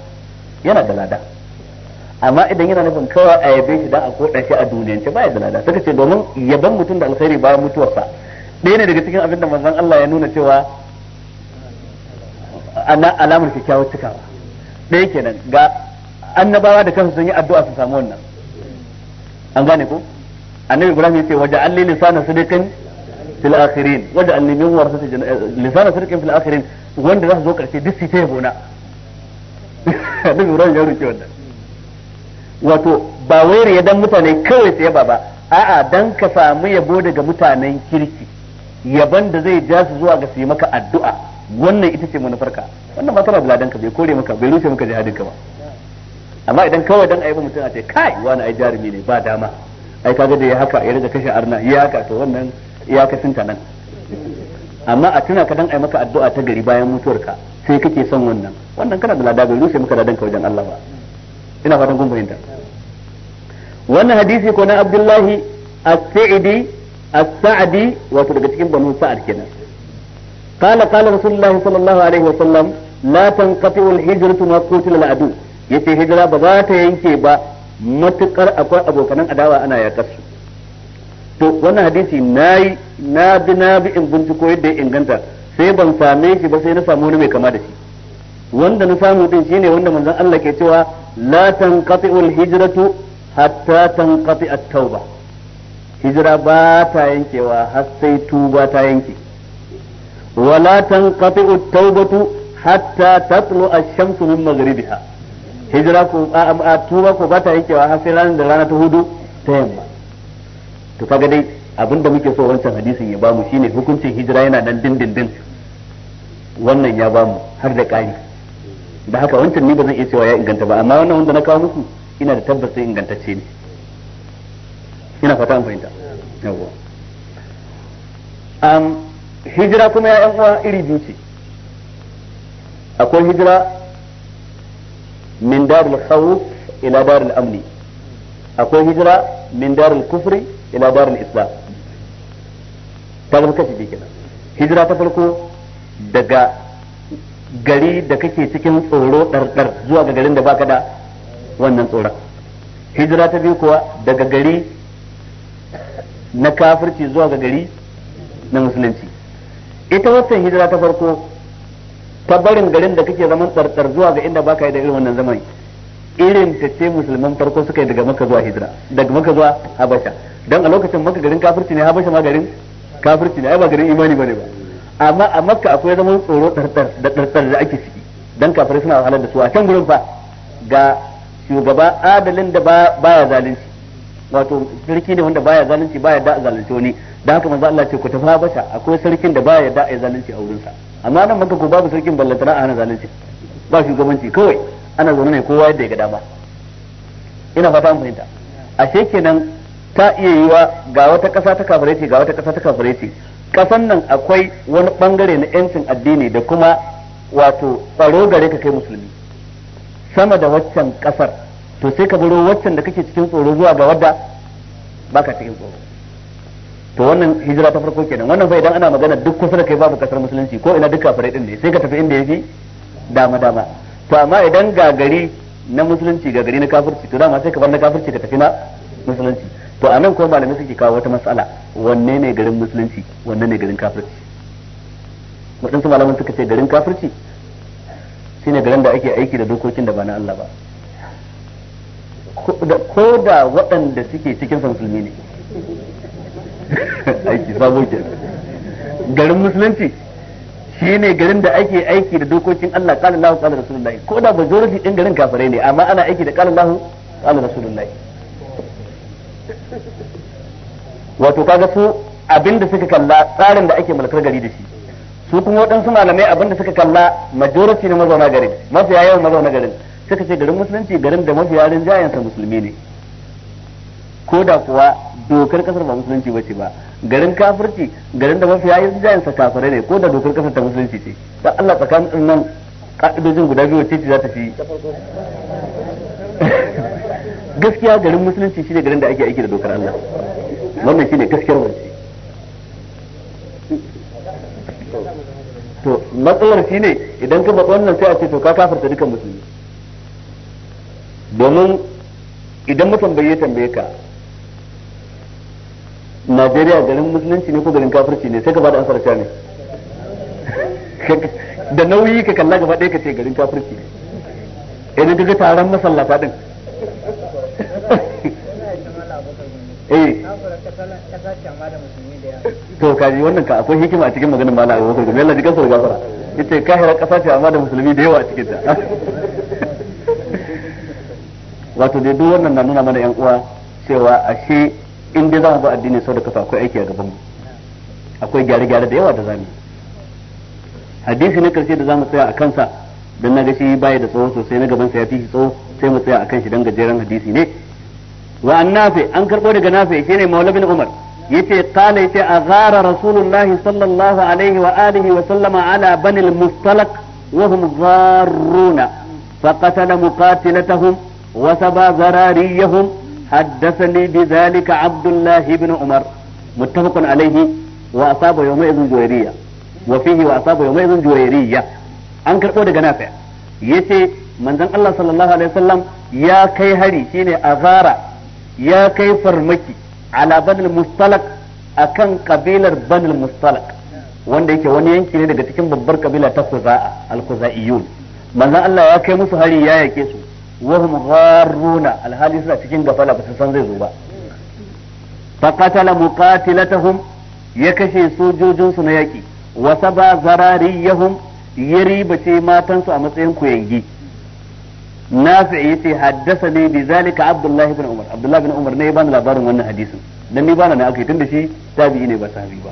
yana da lada amma idan yana nufin kawai a yabe shi dan a koda shi a duniyance ba ya da lada suka ce domin yaban mutum da alkhairi ba mutuwarsa ɗaya ne daga cikin abin da manzon Allah ya nuna cewa ana alamar kyakkyawar cikawa ɗaya kenan ga annabawa da kansu sun yi addu'a su samu wannan an gane ko annabi Ibrahim ya ce waja'al li lisana sidqin fil akhirin waja'al li min warasati lisana sidqin fil akhirin wanda za su zo karshe duk su ta yabona [LAUGHS] annabi Ibrahim ya rike wannan wato ba wai ya dan mutane kawai sai ba ba a'a dan ka samu yabo daga mutanen kirki yaban da zai ja su zuwa ga su yi maka addu'a wannan ita ce munafarka wannan ba tana buladan ka bai kore maka bai rufe maka jihadin ka ba amma idan kawai dan ayi mutum a ce kai wani ai jarumi ne ba dama ai kaga da ya haka ya riga kashe arna ya haka to wannan ya kasin ta nan amma a tuna ka dan ai maka addu'a ta gari bayan mutuwarka sai kake son wannan wannan kana da lada bai rufe maka ladan ka wajen Allah ba ina fatan kun fahimta wannan hadisi ko na Abdullahi as-Sa'idi as-Sa'di wato daga cikin banu Sa'ad kenan قال قال رسول الله صلى الله عليه وسلم لا تنقطع الهجرة ما قتل العدو yace hijira ba za ta yanke ba matukar akwai abokanan adawa ana yakar to wannan hadisi nayi na bi na bi in binciko yadda ya inganta sai ban same shi ba sai na samu wani mai kama da shi wanda na samu din shine wanda manzon Allah ke cewa la tanqati'ul hijratu hatta tanqati tauba hijira ba ta yankewa har sai tuba ta yanke wala tanqati'u taubatu hatta tatlu ash-shamsu min maghribiha hijira ko a tuba ko ba ta yankewa har sai ranar da rana ta hudu ta yamma to kaga dai abinda muke so wancan hadisin ya bamu shine hukuncin hijira yana nan dindindin wannan ya bamu har da ƙari da haka wancan ni ba zan iya cewa ya inganta ba amma wannan wanda na kawo muku ina da tabbas sai ingantacce ne ina fata an fahimta yawa um hijira kuma ya uwa iri biyu ce akwai hijira min darul khawf ila darul amni akwai hijira min darul kufri ila darul islam ta zama kashi biyu kenan hijira ta farko daga gari da kake cikin tsoro ɗarɗar zuwa ga garin da baka da wannan tsoron hijira ta biyu kuwa daga gari na kafirci zuwa ga gari na musulunci ita wancan hijira ta farko ta barin garin da kake zaman tsartsar zuwa ga inda baka yi da irin wannan zamani irin ta ce musulman farko suka yi daga maka zuwa hijira daga maka zuwa habasha don a lokacin maka garin kafirci ne habasha ma garin kafirci ne ai ba garin imani bane ba amma a makka akwai zaman tsoro da tsartsar da ake ciki dan kafirai suna wahalar da su a can gurin fa ga shugaba adalin da baya zalunci wato sarki ne wanda baya zalunci baya da zalunci wani da haka manzo Allah ce ku tafi habasha akwai sarkin da baya da zalunci a wurinsa amma nan maka ko babu sarkin ballantana a hana zalunci ba shugabanci kawai ana zaune ne kowa yadda ya ga dama ina fata mun fahimta ashe kenan ta iya yiwa ga wata kasa ta kafirai ce ga wata kasa ta kafirai ce kasan nan akwai wani bangare na yancin addini da kuma wato tsaro gare ka kai musulmi sama da waccan kasar to sai ka baro waccan da kake cikin tsoro zuwa ga wadda baka cikin tsoro to wannan hijira ta farko kenan wannan fa idan ana magana duk kusa da kai babu kasar musulunci ko ina duk kafirai din ne sai ka tafi inda yake dama dama to amma idan gagari na musulunci gagari na kafirci to dama sai ka bar na kafirci ka tafi na musulunci to anan ko malamai suke kawo wata matsala wanne ne garin musulunci wanne ne garin kafirci waɗansu malamai suka ce garin kafirci shine garin da ake aiki da dokokin da ba na Allah ba ko da waɗanda suke cikin musulmi ne [LAUGHS] aiki sabo ke garin musulunci shi ne garin da ake aiki da dokokin Allah kala Allah kala Rasulullahi ko da majority din garin kafirai ne amma ana aiki da kala Allah kala Rasulullahi wato kaga su abinda suka kalla tsarin da ake mulkar gari da shi su kuma waɗansu malamai abinda suka kalla majority na mazauna garin mafi yawan mazauna garin suka ce garin musulunci garin da mafiya rinjayensa musulmi ne ko da kuwa dokar kasar ba musulunci bace ba garin kafirci garin da mafiya rinjayensa kafirai ne ko da dokar kasar ta musulunci ce dan Allah tsakanin nan ka'idojin guda biyu ce za ta fi gaskiya garin musulunci shine garin da ake aiki da dokar Allah wannan shine gaskiyar wance to matsalar shine idan ka faɗi wannan sai a ce to ka kafarta dukan musulmi domin idan matambaye tambaye ka Najeriya garin musulunci ne ko garin kafirci ne sai ka bada ansar ne [LAUGHS] da nauyi ka kalla gaba ɗaya ka ce garin kafirci ne idan ka ga taron masallata din Eh. eh to kaji wannan ka akwai hikima a cikin maganar malam Abubakar da Allah jikan sa fara gafara yace kahira kasa ce amma da musulmi da yawa a cikin ta [LAUGHS] wato dai duk wannan na nuna mana yan uwa cewa ashe in dai za mu bi addini sau da kafa akwai aiki a gaban mu akwai gyare-gyare da yawa da zamu hadisi na karshe da zamu tsaya a kansa dan na ga shi baya da tsawo sosai na gaban sa ya fi tsawo sai mu tsaya a kan shi dan gajeren hadisi ne wa annafi an karbo daga shine maula bin umar yace qala a gara rasulullahi sallallahu alaihi wa alihi wa sallama ala bani al-mustalaq فقتل مقاتلتهم وسبى ذراريهم حدثني بذلك عبد الله بن عمر متفق عليه وأصاب يومئذ جويرية وفيه وأصاب يومئذ جويرية أنكر أود جنافع يتي manzon Allah sallallahu alaihi wasallam ya kai hari shine azara ya kai farmaki ala banil mustalak akan kabilar banil mustalak wanda yake wani yanki ne daga cikin babbar kabila ta kuza'a al-kuza'iyyun manzon Allah ya kai musu hari ya yake su wa hum gharruna alhali suna cikin gafala ba su san zai zo ba fa qatala muqatilatahum ya kashe sojojin su na yaki wa saba zarariyahum ya matan matansu a matsayin kuyangi nafi yace haddasa ne bi zalika abdullahi ibn umar abdullahi ibn umar ne ya bani labarin wannan hadisin dan ni bana na akai tunda shi tabi'i ne ba sahabi ba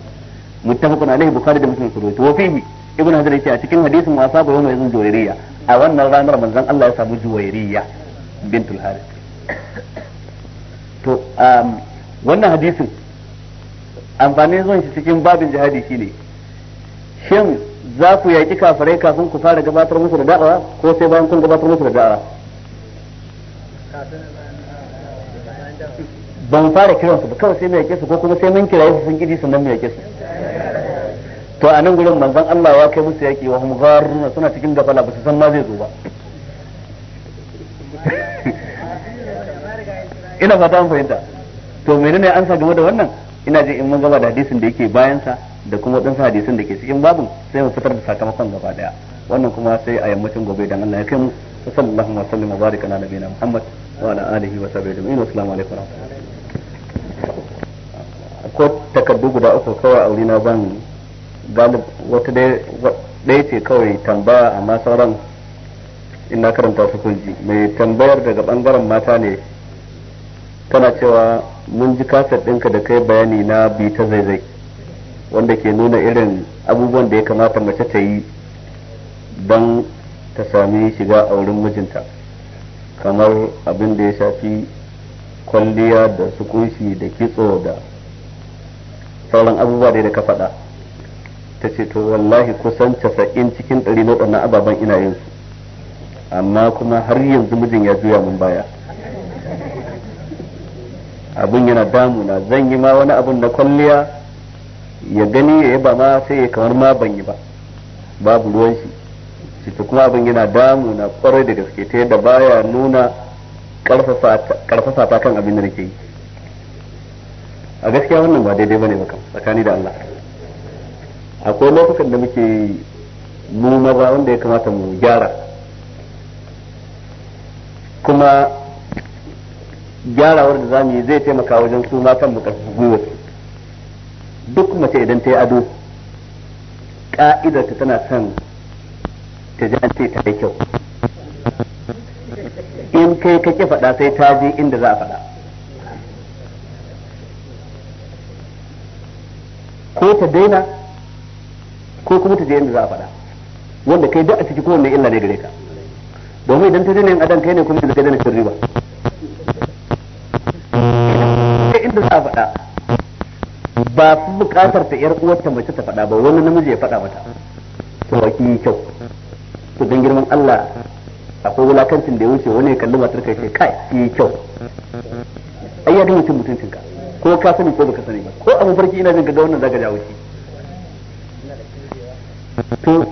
muttafaqun alaihi bukhari da muslim sura wa fihi ibn hajar yace a cikin hadisin wa saba yawma yazun juwairiya a wannan ranar manzon Allah ya samu juwairiya bintul harith to um, wannan hadisin amfani zuwan shi cikin babin jihadi shine shin za ku yaƙi kafirai kafin ku fara gabatar musu da da'awa ko sai bayan kun gabatar musu da da'awa ban fara kiran su ba kawai sai mu yaƙe su ko kuma sai mun kiraye su sun kiji sannan mu yaƙe su to a nan gurin manzon Allah ya kai musu yaƙi wa humgaruna suna cikin gafala ba su san ma zai zo ba [LAUGHS] ina fata an fahimta to menene an sa game da wannan ina ji in mun gaba da hadisin da yake bayan sa da kuma waɗansu hadisan da ke cikin babin sai mu fitar da sakamakon gaba daya wannan kuma sai a yammacin gobe dan Allah ya kai mu sallallahu alaihi wa sallam wa baraka ala nabiyina Muhammad wa ala alihi wa sahbihi ajma'in assalamu alaikum wa rahmatullahi ko takaddu guda uku kawai aure na ban galib wata dai dai ce kawai tambaya amma sauran ina karanta su kun mai tambayar daga bangaren mata ne tana cewa mun ji kasar ɗinka da kai bayani na bi ta zaizai wanda ke nuna irin abubuwan da ya kamata mace ta yi don ta sami shiga a wurin mijinta kamar abin da ya shafi kwalliya da su kunshi da kitso da sauran abubuwa da ka faɗa ta ce to wallahi kusan casa'in cikin ɗari na waɗannan ababen ina yin su amma kuma har yanzu mijin ya juya mun baya abin yana damuna zan yi ma wani abin na kwalliya ya gani ya ba ma sai ya kamar ma ban yi ba babu ruwan shi shi kuma abin yana damu na kwarai da gaske ta yadda baya nuna karfafa ta kan abin da nake yi a gaskiya wannan ba daidai bane bakan tsakani da Allah akwai lokacin da muke mu maza wanda ya kamata mu gyara kuma gyarawar da zamu yi zai taimaka wajen su kan mu karfafa gwiwarsu duk mace idan ta yi ado ka'idarta tana son ta ji an ce ta yi kyau in kai kake faɗa sai ta je inda za a faɗa ko ta daina ko kuma ta je inda za a faɗa wanda kai duk a ciki kowanne illa ne gare ka domin idan ta daina yin adan kai ne kuma da ka daina ta riba inda za a faɗa ba su bukatar ta yar uwarta mace ta faɗa ba wani namiji ya faɗa mata to wa kin kyau to dan girman Allah akwai wulakancin da ya wuce wani ya kalli matar kai ce kai ki kyau ai ya ga mutum mutuncin ka ko ka sani ko baka sani ba ko abu farki ina jin ka ga wannan zaka jawo shi to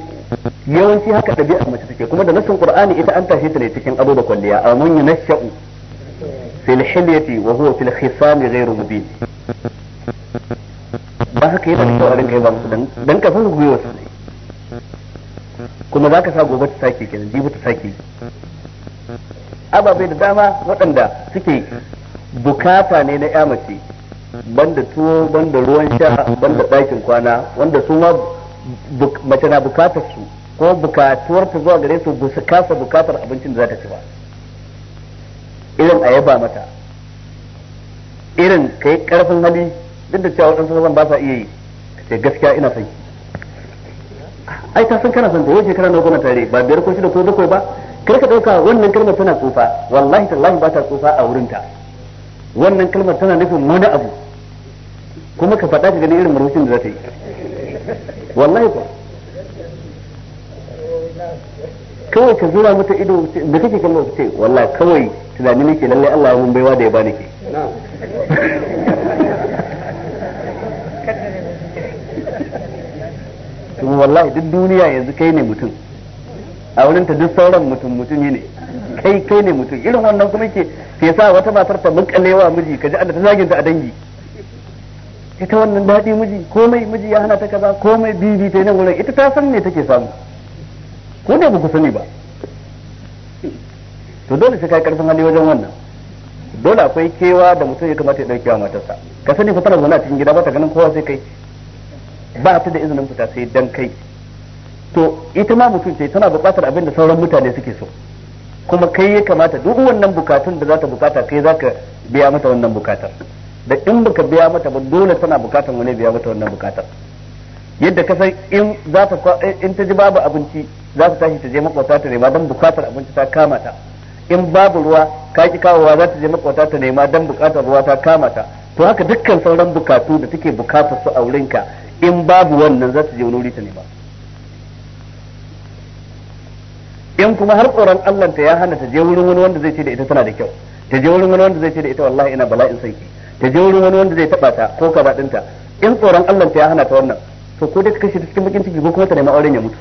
yawanci haka ɗabi'ar mace take kuma da nassin qur'ani ita an tashi ta ne cikin abu da a amun yanasha'u fil hilyati wa huwa fil khisam ghayru mubin ba haka yi ba kyau a kai ba musu dan ka fara gwiwa su ne kuma za ka sa gobe ta sake kenan jibi ta sake ababai da dama waɗanda suke bukata ne na ya mace banda tuwo banda ruwan sha banda ɗakin kwana wanda su ma mace na bukatar su ko bukatuwar ta zuwa gare su ba su kasa bukatar abincin da za ta ci ba irin a yaba mata irin kai karfin hali duk da cewa waɗansu zan ba sa iya yi ce gaskiya ina son ai ta san kana son ta yau shekara na kuna tare ba biyar ko shida ko bakwai ba kar ka ɗauka wannan kalmar tana tsufa wallahi tallahi ba ta tsufa a wurinta wannan kalmar tana nufin wani abu kuma ka faɗa ka gani irin murmushin da za ta yi wallahi ko kawai ka zura mata ido da kake kalmar ce wallahi kawai tunani nake lallai Allah mun baiwa da ya ba ke [LAUGHS] kuma wallahi duk duniya yanzu kai ne mutum a wurin ta duk sauran mutum mutum ne kai kai ne mutum irin wannan kuma ke ke sa wata matar ta mukalewa miji kaji Allah ta zagin ta a dangi ita wannan dadi miji komai miji ya hana ta kaza komai bibi ta nan wurin ita ta san ne take samu ko ne ba ku sani ba to dole sai kai karfin hali wajen wannan dole akwai kewa da mutum ya kamata ya dauke wa matarsa ka sani fa tana zaune cikin gida ba ta ganin kowa sai kai ba ta da izinin fita sai dan kai to ita ma mutum ce tana buƙatar abin da sauran mutane suke so kuma kai ya kamata duk wannan bukatun da za ta bukata kai za ka biya mata wannan bukatar da in baka biya mata ba dole tana bukatar wani biya mata wannan bukatar yadda ka san in za ta in ta ji babu abinci za ta tashi ta je makwata ta nema don bukatar abinci ta kama ta in babu ruwa ka ki kawowa za ta je makwata ta nema don bukatar ruwa ta kama ta to haka dukkan sauran bukatu da take bukatar su a wurinka in babu wannan za su je wani wuri ta nema in kuma har tsoron Allah ta ya hana ta je wurin wani wanda zai ce da ita tana da kyau ta je wurin wani wanda zai ce da ita wallahi ina bala'in in ki ta je wurin wani wanda zai taba ta ko ka dinta in tsoron Allah ta ya hana ta wannan to ko dai ka kashe ta cikin bakin ciki ko kuma ta nemi auren ya mutu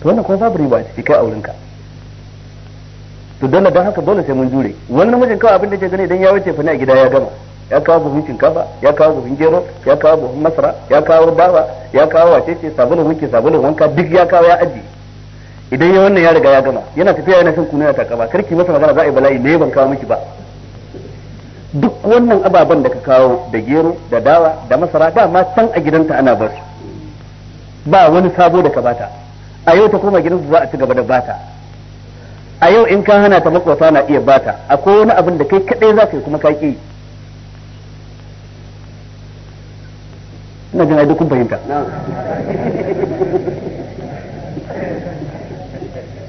to wannan kuma babu riba a ciki kai aurenka ka to dole don haka dole sai mun jure wani namijin kawai abin da ke gani idan ya wuce fa ne a gida ya gama ya kawo buhun shinkafa ya kawo buhun gero ya kawo buhun masara ya kawo dawa ya kawo wace ce sabulun wanke sabulun wanka duk ya kawo ya aji idan ya wannan ya riga ya gama yana tafiya yana shan kunu yana ba karki masa magana za a yi bala'i ne ban kawo miki ba duk wannan ababen da ka kawo da gero da dawa da masara dama can a gidanta ana bar ba wani sabo da ka bata a yau ta koma gidansu za a ci gaba da bata a yau in ka hana ta makwata na iya bata akwai wani abin da kai kadai za ka yi kuma ka ki ina jin duk kun fahimta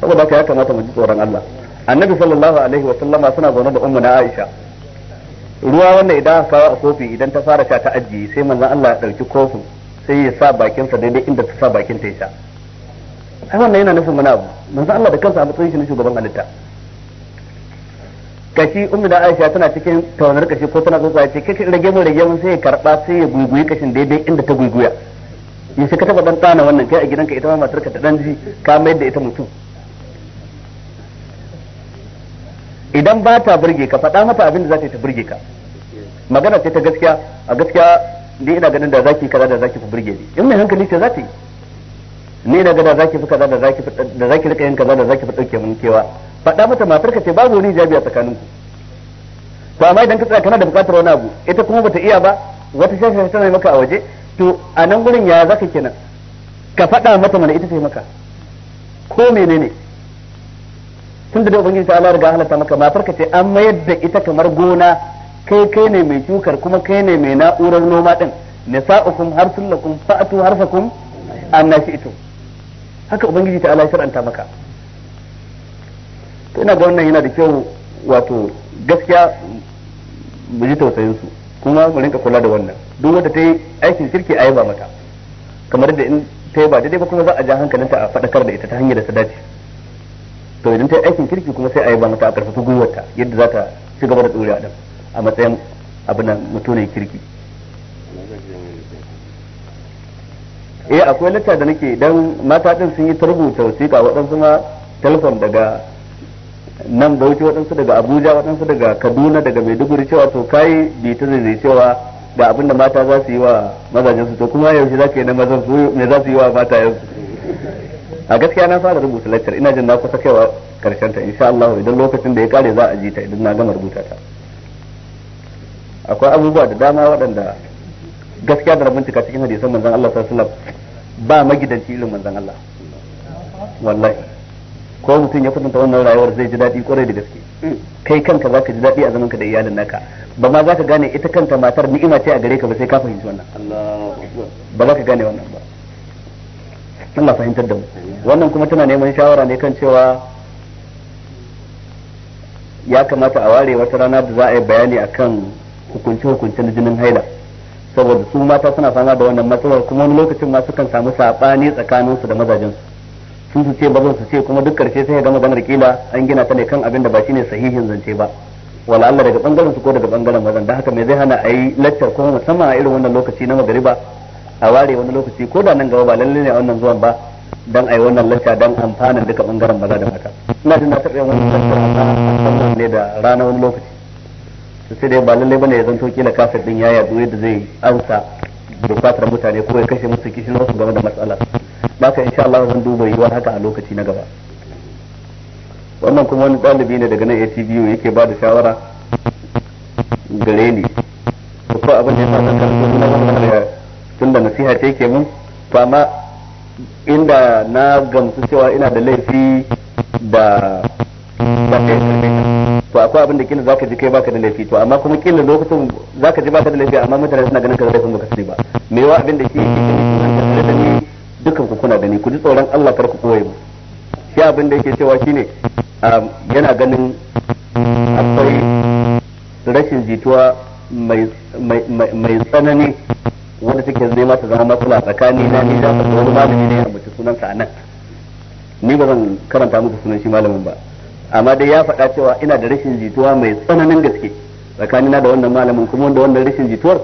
saboda ka ya kamata mu ji tsoron Allah annabi sallallahu alaihi wa sallama suna zaune da ummu na Aisha ruwa wanda idan aka fara kofi idan ta fara sha ta ajiye sai manzon Allah ya dauki kofin sai ya sa bakin sa daidai inda ta sa bakin ta ya sha ai wannan yana nufin mana abu manzon Allah da kansa a matsayin shi na shugaban halitta kashi umu da Aisha tana cikin taunar kashi ko tana tsotsa ce kashi rage mun rage mun sai ya karba sai ya guguyi kashin daidai inda ta guguya ya shi ka taba dan tsana wannan kai a gidanka ita ma matar ka ta dan ji ka mayar da ita mutum idan ba ta burge ka faɗa mata abin da za ta yi ta burge ka magana ce ta gaskiya a gaskiya ni ina ganin da zaki kaza da zaki fi burge ni in mai hankali ce za ta yi ni ina ga da zaki fi kaza da zaki da zaki rika yin kaza da zaki fi dauke mun kewa faɗa mata matar ka ce babu wani jabi a tsakanin ku to amma idan ka tsaya kana da buƙatar wani abu ita kuma bata iya ba wata shashi mai maka a waje to a nan gurin ya zaka kenan ka faɗa mata mana ita yi maka ko menene tunda da ubangiji ta Allah ga halatta maka matar ce an mayar da ita kamar gona kai kai ne mai shukar kuma kai ne mai na'urar noma din nisa'ukum harsun lakum fa'atu harfakum ito haka ubangiji ta Allah shar'anta maka to ina ga wannan yana da kyau wato gaskiya mu ji tausayin su kuma mu rinka kula da wannan duk wanda ta yi aikin kirki a yaba mata kamar da in ta yi ba daidai ba kuma za a ja hankalinta a faɗakar da ita ta hanyar da ta dace to idan ta yi aikin kirki kuma sai a yaba mata a ƙarfafa gwiwarta yadda za ta ci gaba da ɗorewa ɗin a matsayin abin nan mutumin kirki eh akwai lacca da nake idan mata din sun yi tarbuta wasiƙa waɗansu ma telefon daga nan bauchi waɗansu daga abuja waɗansu daga kaduna daga maiduguri cewa to kai bi ta zai cewa ga abin da mata za su yi wa mazajen su to kuma yaushe za ka yi na mazan su me za su yi wa mata yanzu a gaskiya na fara rubuta lecture ina jin na kusa kaiwa karshen ta insha Allah idan lokacin da ya kare za a ji ta idan na gama rubuta ta akwai abubuwa da dama waɗanda gaskiya da rabin cikin hadisan manzan Allah sallallahu alaihi wasallam ba magidanci ilimin manzan Allah wallahi ko mutum ya kwatanta wannan rayuwar zai ji daɗi kwarai da gaske mm. kai kanka za ka ji daɗi a zaman ka da iyalin naka ba ma za ka gane ita kanta matar ni'ima ce a gare ka ba sai ka fahimci wannan ba za ka gane wannan ba Allah fahimtar da mu wannan kuma tana neman shawara ne kan cewa ya kamata a ware wata rana da za a yi bayani akan hukunce-hukuncen jinin haila saboda su mata suna fama da wannan matsalar kuma wani lokacin ma sukan samu saɓani tsakaninsu da mazajensu su su ce bazan su ce kuma duk karshe sai gama ganar kila an gina ta ne kan abin da ba ne sahihin zance ba wala Allah daga bangaren su ko daga bangaren mazan dan haka me zai hana ayi lecture kuma musamman a irin wannan lokaci na magariba a ware wani lokaci ko da nan gaba ba lalle ne a wannan zuwan ba dan ayi wannan lacca dan amfanin duka bangaren maza da mata ina jin na ta yin wannan lacca a ne da rana wani lokaci to sai dai ba lalle bane ya zanto kila kafir din ya duwe da zai amsa bukatar mutane ko ya kashe musu kishin wasu game da matsalar baka insha Allah zan duba yiwuwar haka a lokaci na gaba wannan kuma wani ɗalibi ne daga nan ATBU yake ba da shawara gare ni to ko abin da ya kan karfi na wannan tun da nasiha ce ke mun to amma inda na gamsu cewa ina da laifi da ba kai to akwai abin da kila zaka ji kai baka da laifi to amma kuma kina lokacin zaka ji baka da laifi amma mutane suna ganin ka da laifin baka sani ba me yawa abin da ke yake dukan ku kuna gani ku ji tsoron Allah farko koyi mu shi abin da yake cewa shine um, yana ganin akwai rashin jituwa mai tsanani wanda take nema ta zama matsala tsakani na ni da wani malami ne ya ambaci sunansa nan ni ba zan karanta muku sunan shi malamin ba amma dai ya faɗa cewa ina da rashin jituwa mai tsananin gaske tsakanina da wannan malamin kuma wanda wannan rashin jituwar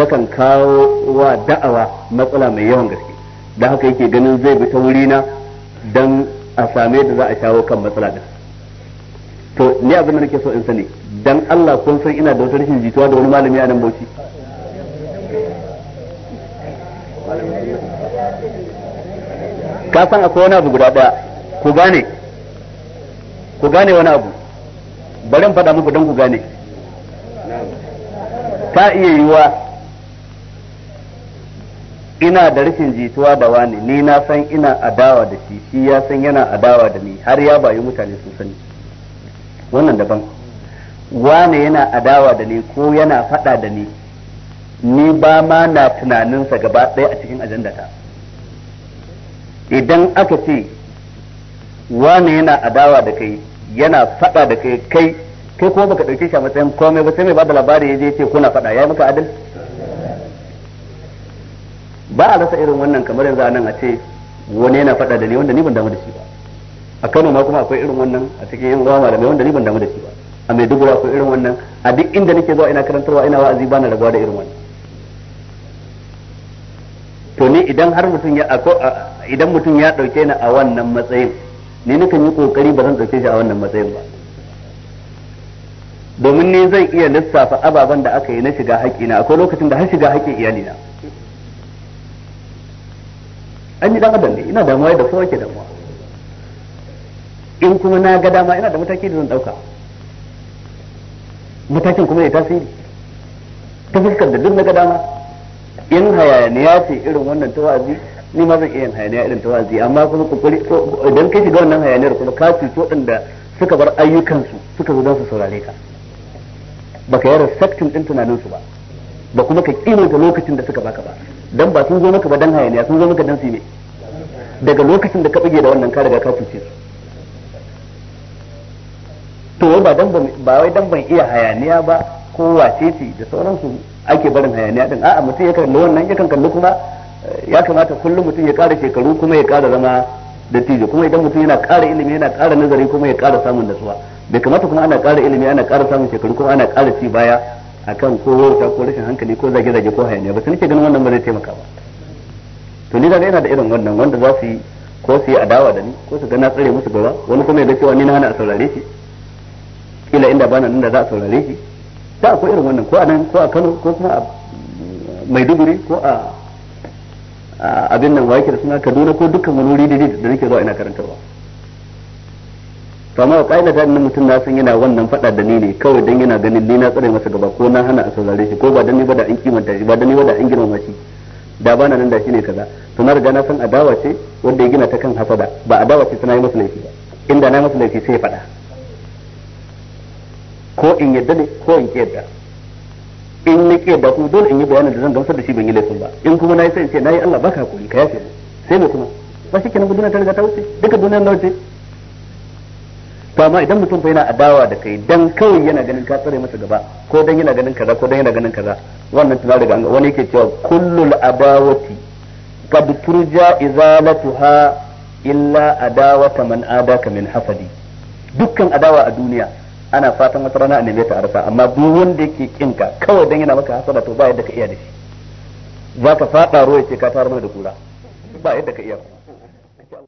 takan kawo wa da'awa matsala mai yawan gaske da haka yake ganin zai bi ta wurina dan a same da za a shawo kan matsala din to ni abin da nake so in sani dan Allah kun san ina da wata rashin jituwa da wani malami a nan Bauchi ka san akwai wani abu guda daya ku gane ku gane wani abu bari in faɗa muku dan ku gane ta iya yiwuwa ina da rashin jituwa da wani ni na san ina adawa da shi shi ya san yana adawa da ni har ya bayu mutane sun sani wannan daban wani yana adawa da ni ko yana fada da ni ni ba ma na tunaninsa gaba ɗaya a cikin ajandata idan aka ce wani yana adawa da kai yana fada da kai kai kai kuma baka ɗauke shi a matsayin komai ba sai mai ba da labari ya je ce kuna fada ya maka adalci ba a rasa irin wannan kamar yanzu anan a ce wani yana faɗa da ni wanda ni ban damu da shi ba a Kano ma kuma akwai irin wannan a cikin yan uwa malamai wanda ni ban damu da shi ba a Maiduguri akwai irin wannan a duk inda nake zuwa ina karantarwa ina wa'azi bana rabuwa da irin wannan to ni idan har mutum ya idan mutum ya dauke ni a wannan matsayin ni nakan yi kokari ba zan dauke shi a wannan matsayin ba domin ni zan iya lissafa ababen da aka yi na shiga haƙƙi na akwai lokacin da har shiga haƙƙin iyalina na an yi dan adam ne ina damuwa da kowa ke damuwa in kuma na ga dama ina da mataki da zan dauka matakin kuma ya tasiri ta fuskar da duk na ga dama in hayaniya ce irin wannan tawazi ni ma zan iya yin hayaniya irin tawazi amma kuma kokari idan kai shiga wannan hayaniyar kuma ka to da suka bar ayyukansu suka zo don su saurare ka baka yi respectin din tunaninsu ba ba kuma ka kimanta lokacin da suka baka ba dan ba sun zo maka ba dan hayaniya sun zo maka dan sime daga lokacin da ka bige da wannan ka riga ka cuce su to ba dan ba wai dan ban iya hayaniya ba ko wace ce da sauransu ake barin hayaniya din a'a mutum ya kalli wannan ya kalli kuma eh, ya kamata kullum mutum ya kara shekaru kuma ya kara zama da dattijo kuma idan mutum yana kara ilimi yana kara nazari kuma ya kara samun nasuwa bai kamata kuma ana kara ilimi ana kara samun shekaru kuma ana kara ci baya akan ko wauta ko rashin hankali ko zage-zage ko hayaniya ba su nake ganin wannan ba zai taimaka ba to ni da yana da irin wannan wanda za su yi ko su yi adawa da ni ko su ga na tsare musu gaba wani kuma ya cewa ni na hana a saurare shi kila inda bana nan da za a saurare shi ta akwai irin wannan ko a nan ko a Kano ko kuma a Maiduguri ko a abin nan wake da suna Kaduna ko dukkan wani wuri da nake zuwa ina karantarwa to amma kai da mutum na san yana wannan fada da ni ne kawai dan yana ganin ni na tsare masa gaba ko na hana a saurare shi ko ba dan ni ba da an kimanta shi ba dan ni ba da an girmama shi da bana nan da shi ne kaza to na riga na san adawa ce wanda ya gina ta kan hasada ba adawa ce tana yi masa laifi ba inda na masa laifi sai ya fada ko in yadda ne ko in kiyarda in na kiyarda kuma dole in yi bayanin da zan gamsar da shi ban yi laifin ba in kuma na yi sai in ce na yi Allah baka hakuri ka yafe sai ne kuma ba shi kenan duniya ta riga ta wuce duka duniyar na wuce to amma idan mutum fa yana adawa da kai dan kawai yana ganin ka tsare masa gaba ko dan yana ganin kaza ko dan yana ganin kaza wannan tana daga wani yake cewa kullul adawati qad turja izalatuha illa adawata man adaka min hafadi dukkan adawa a duniya ana fatan wata rana a nemeta ta arsa amma duk wanda yake kinka kawai dan yana maka hasada to ba yadda ka iya da shi zaka fada ruwa ce ka tara mana da kura ba yadda ka iya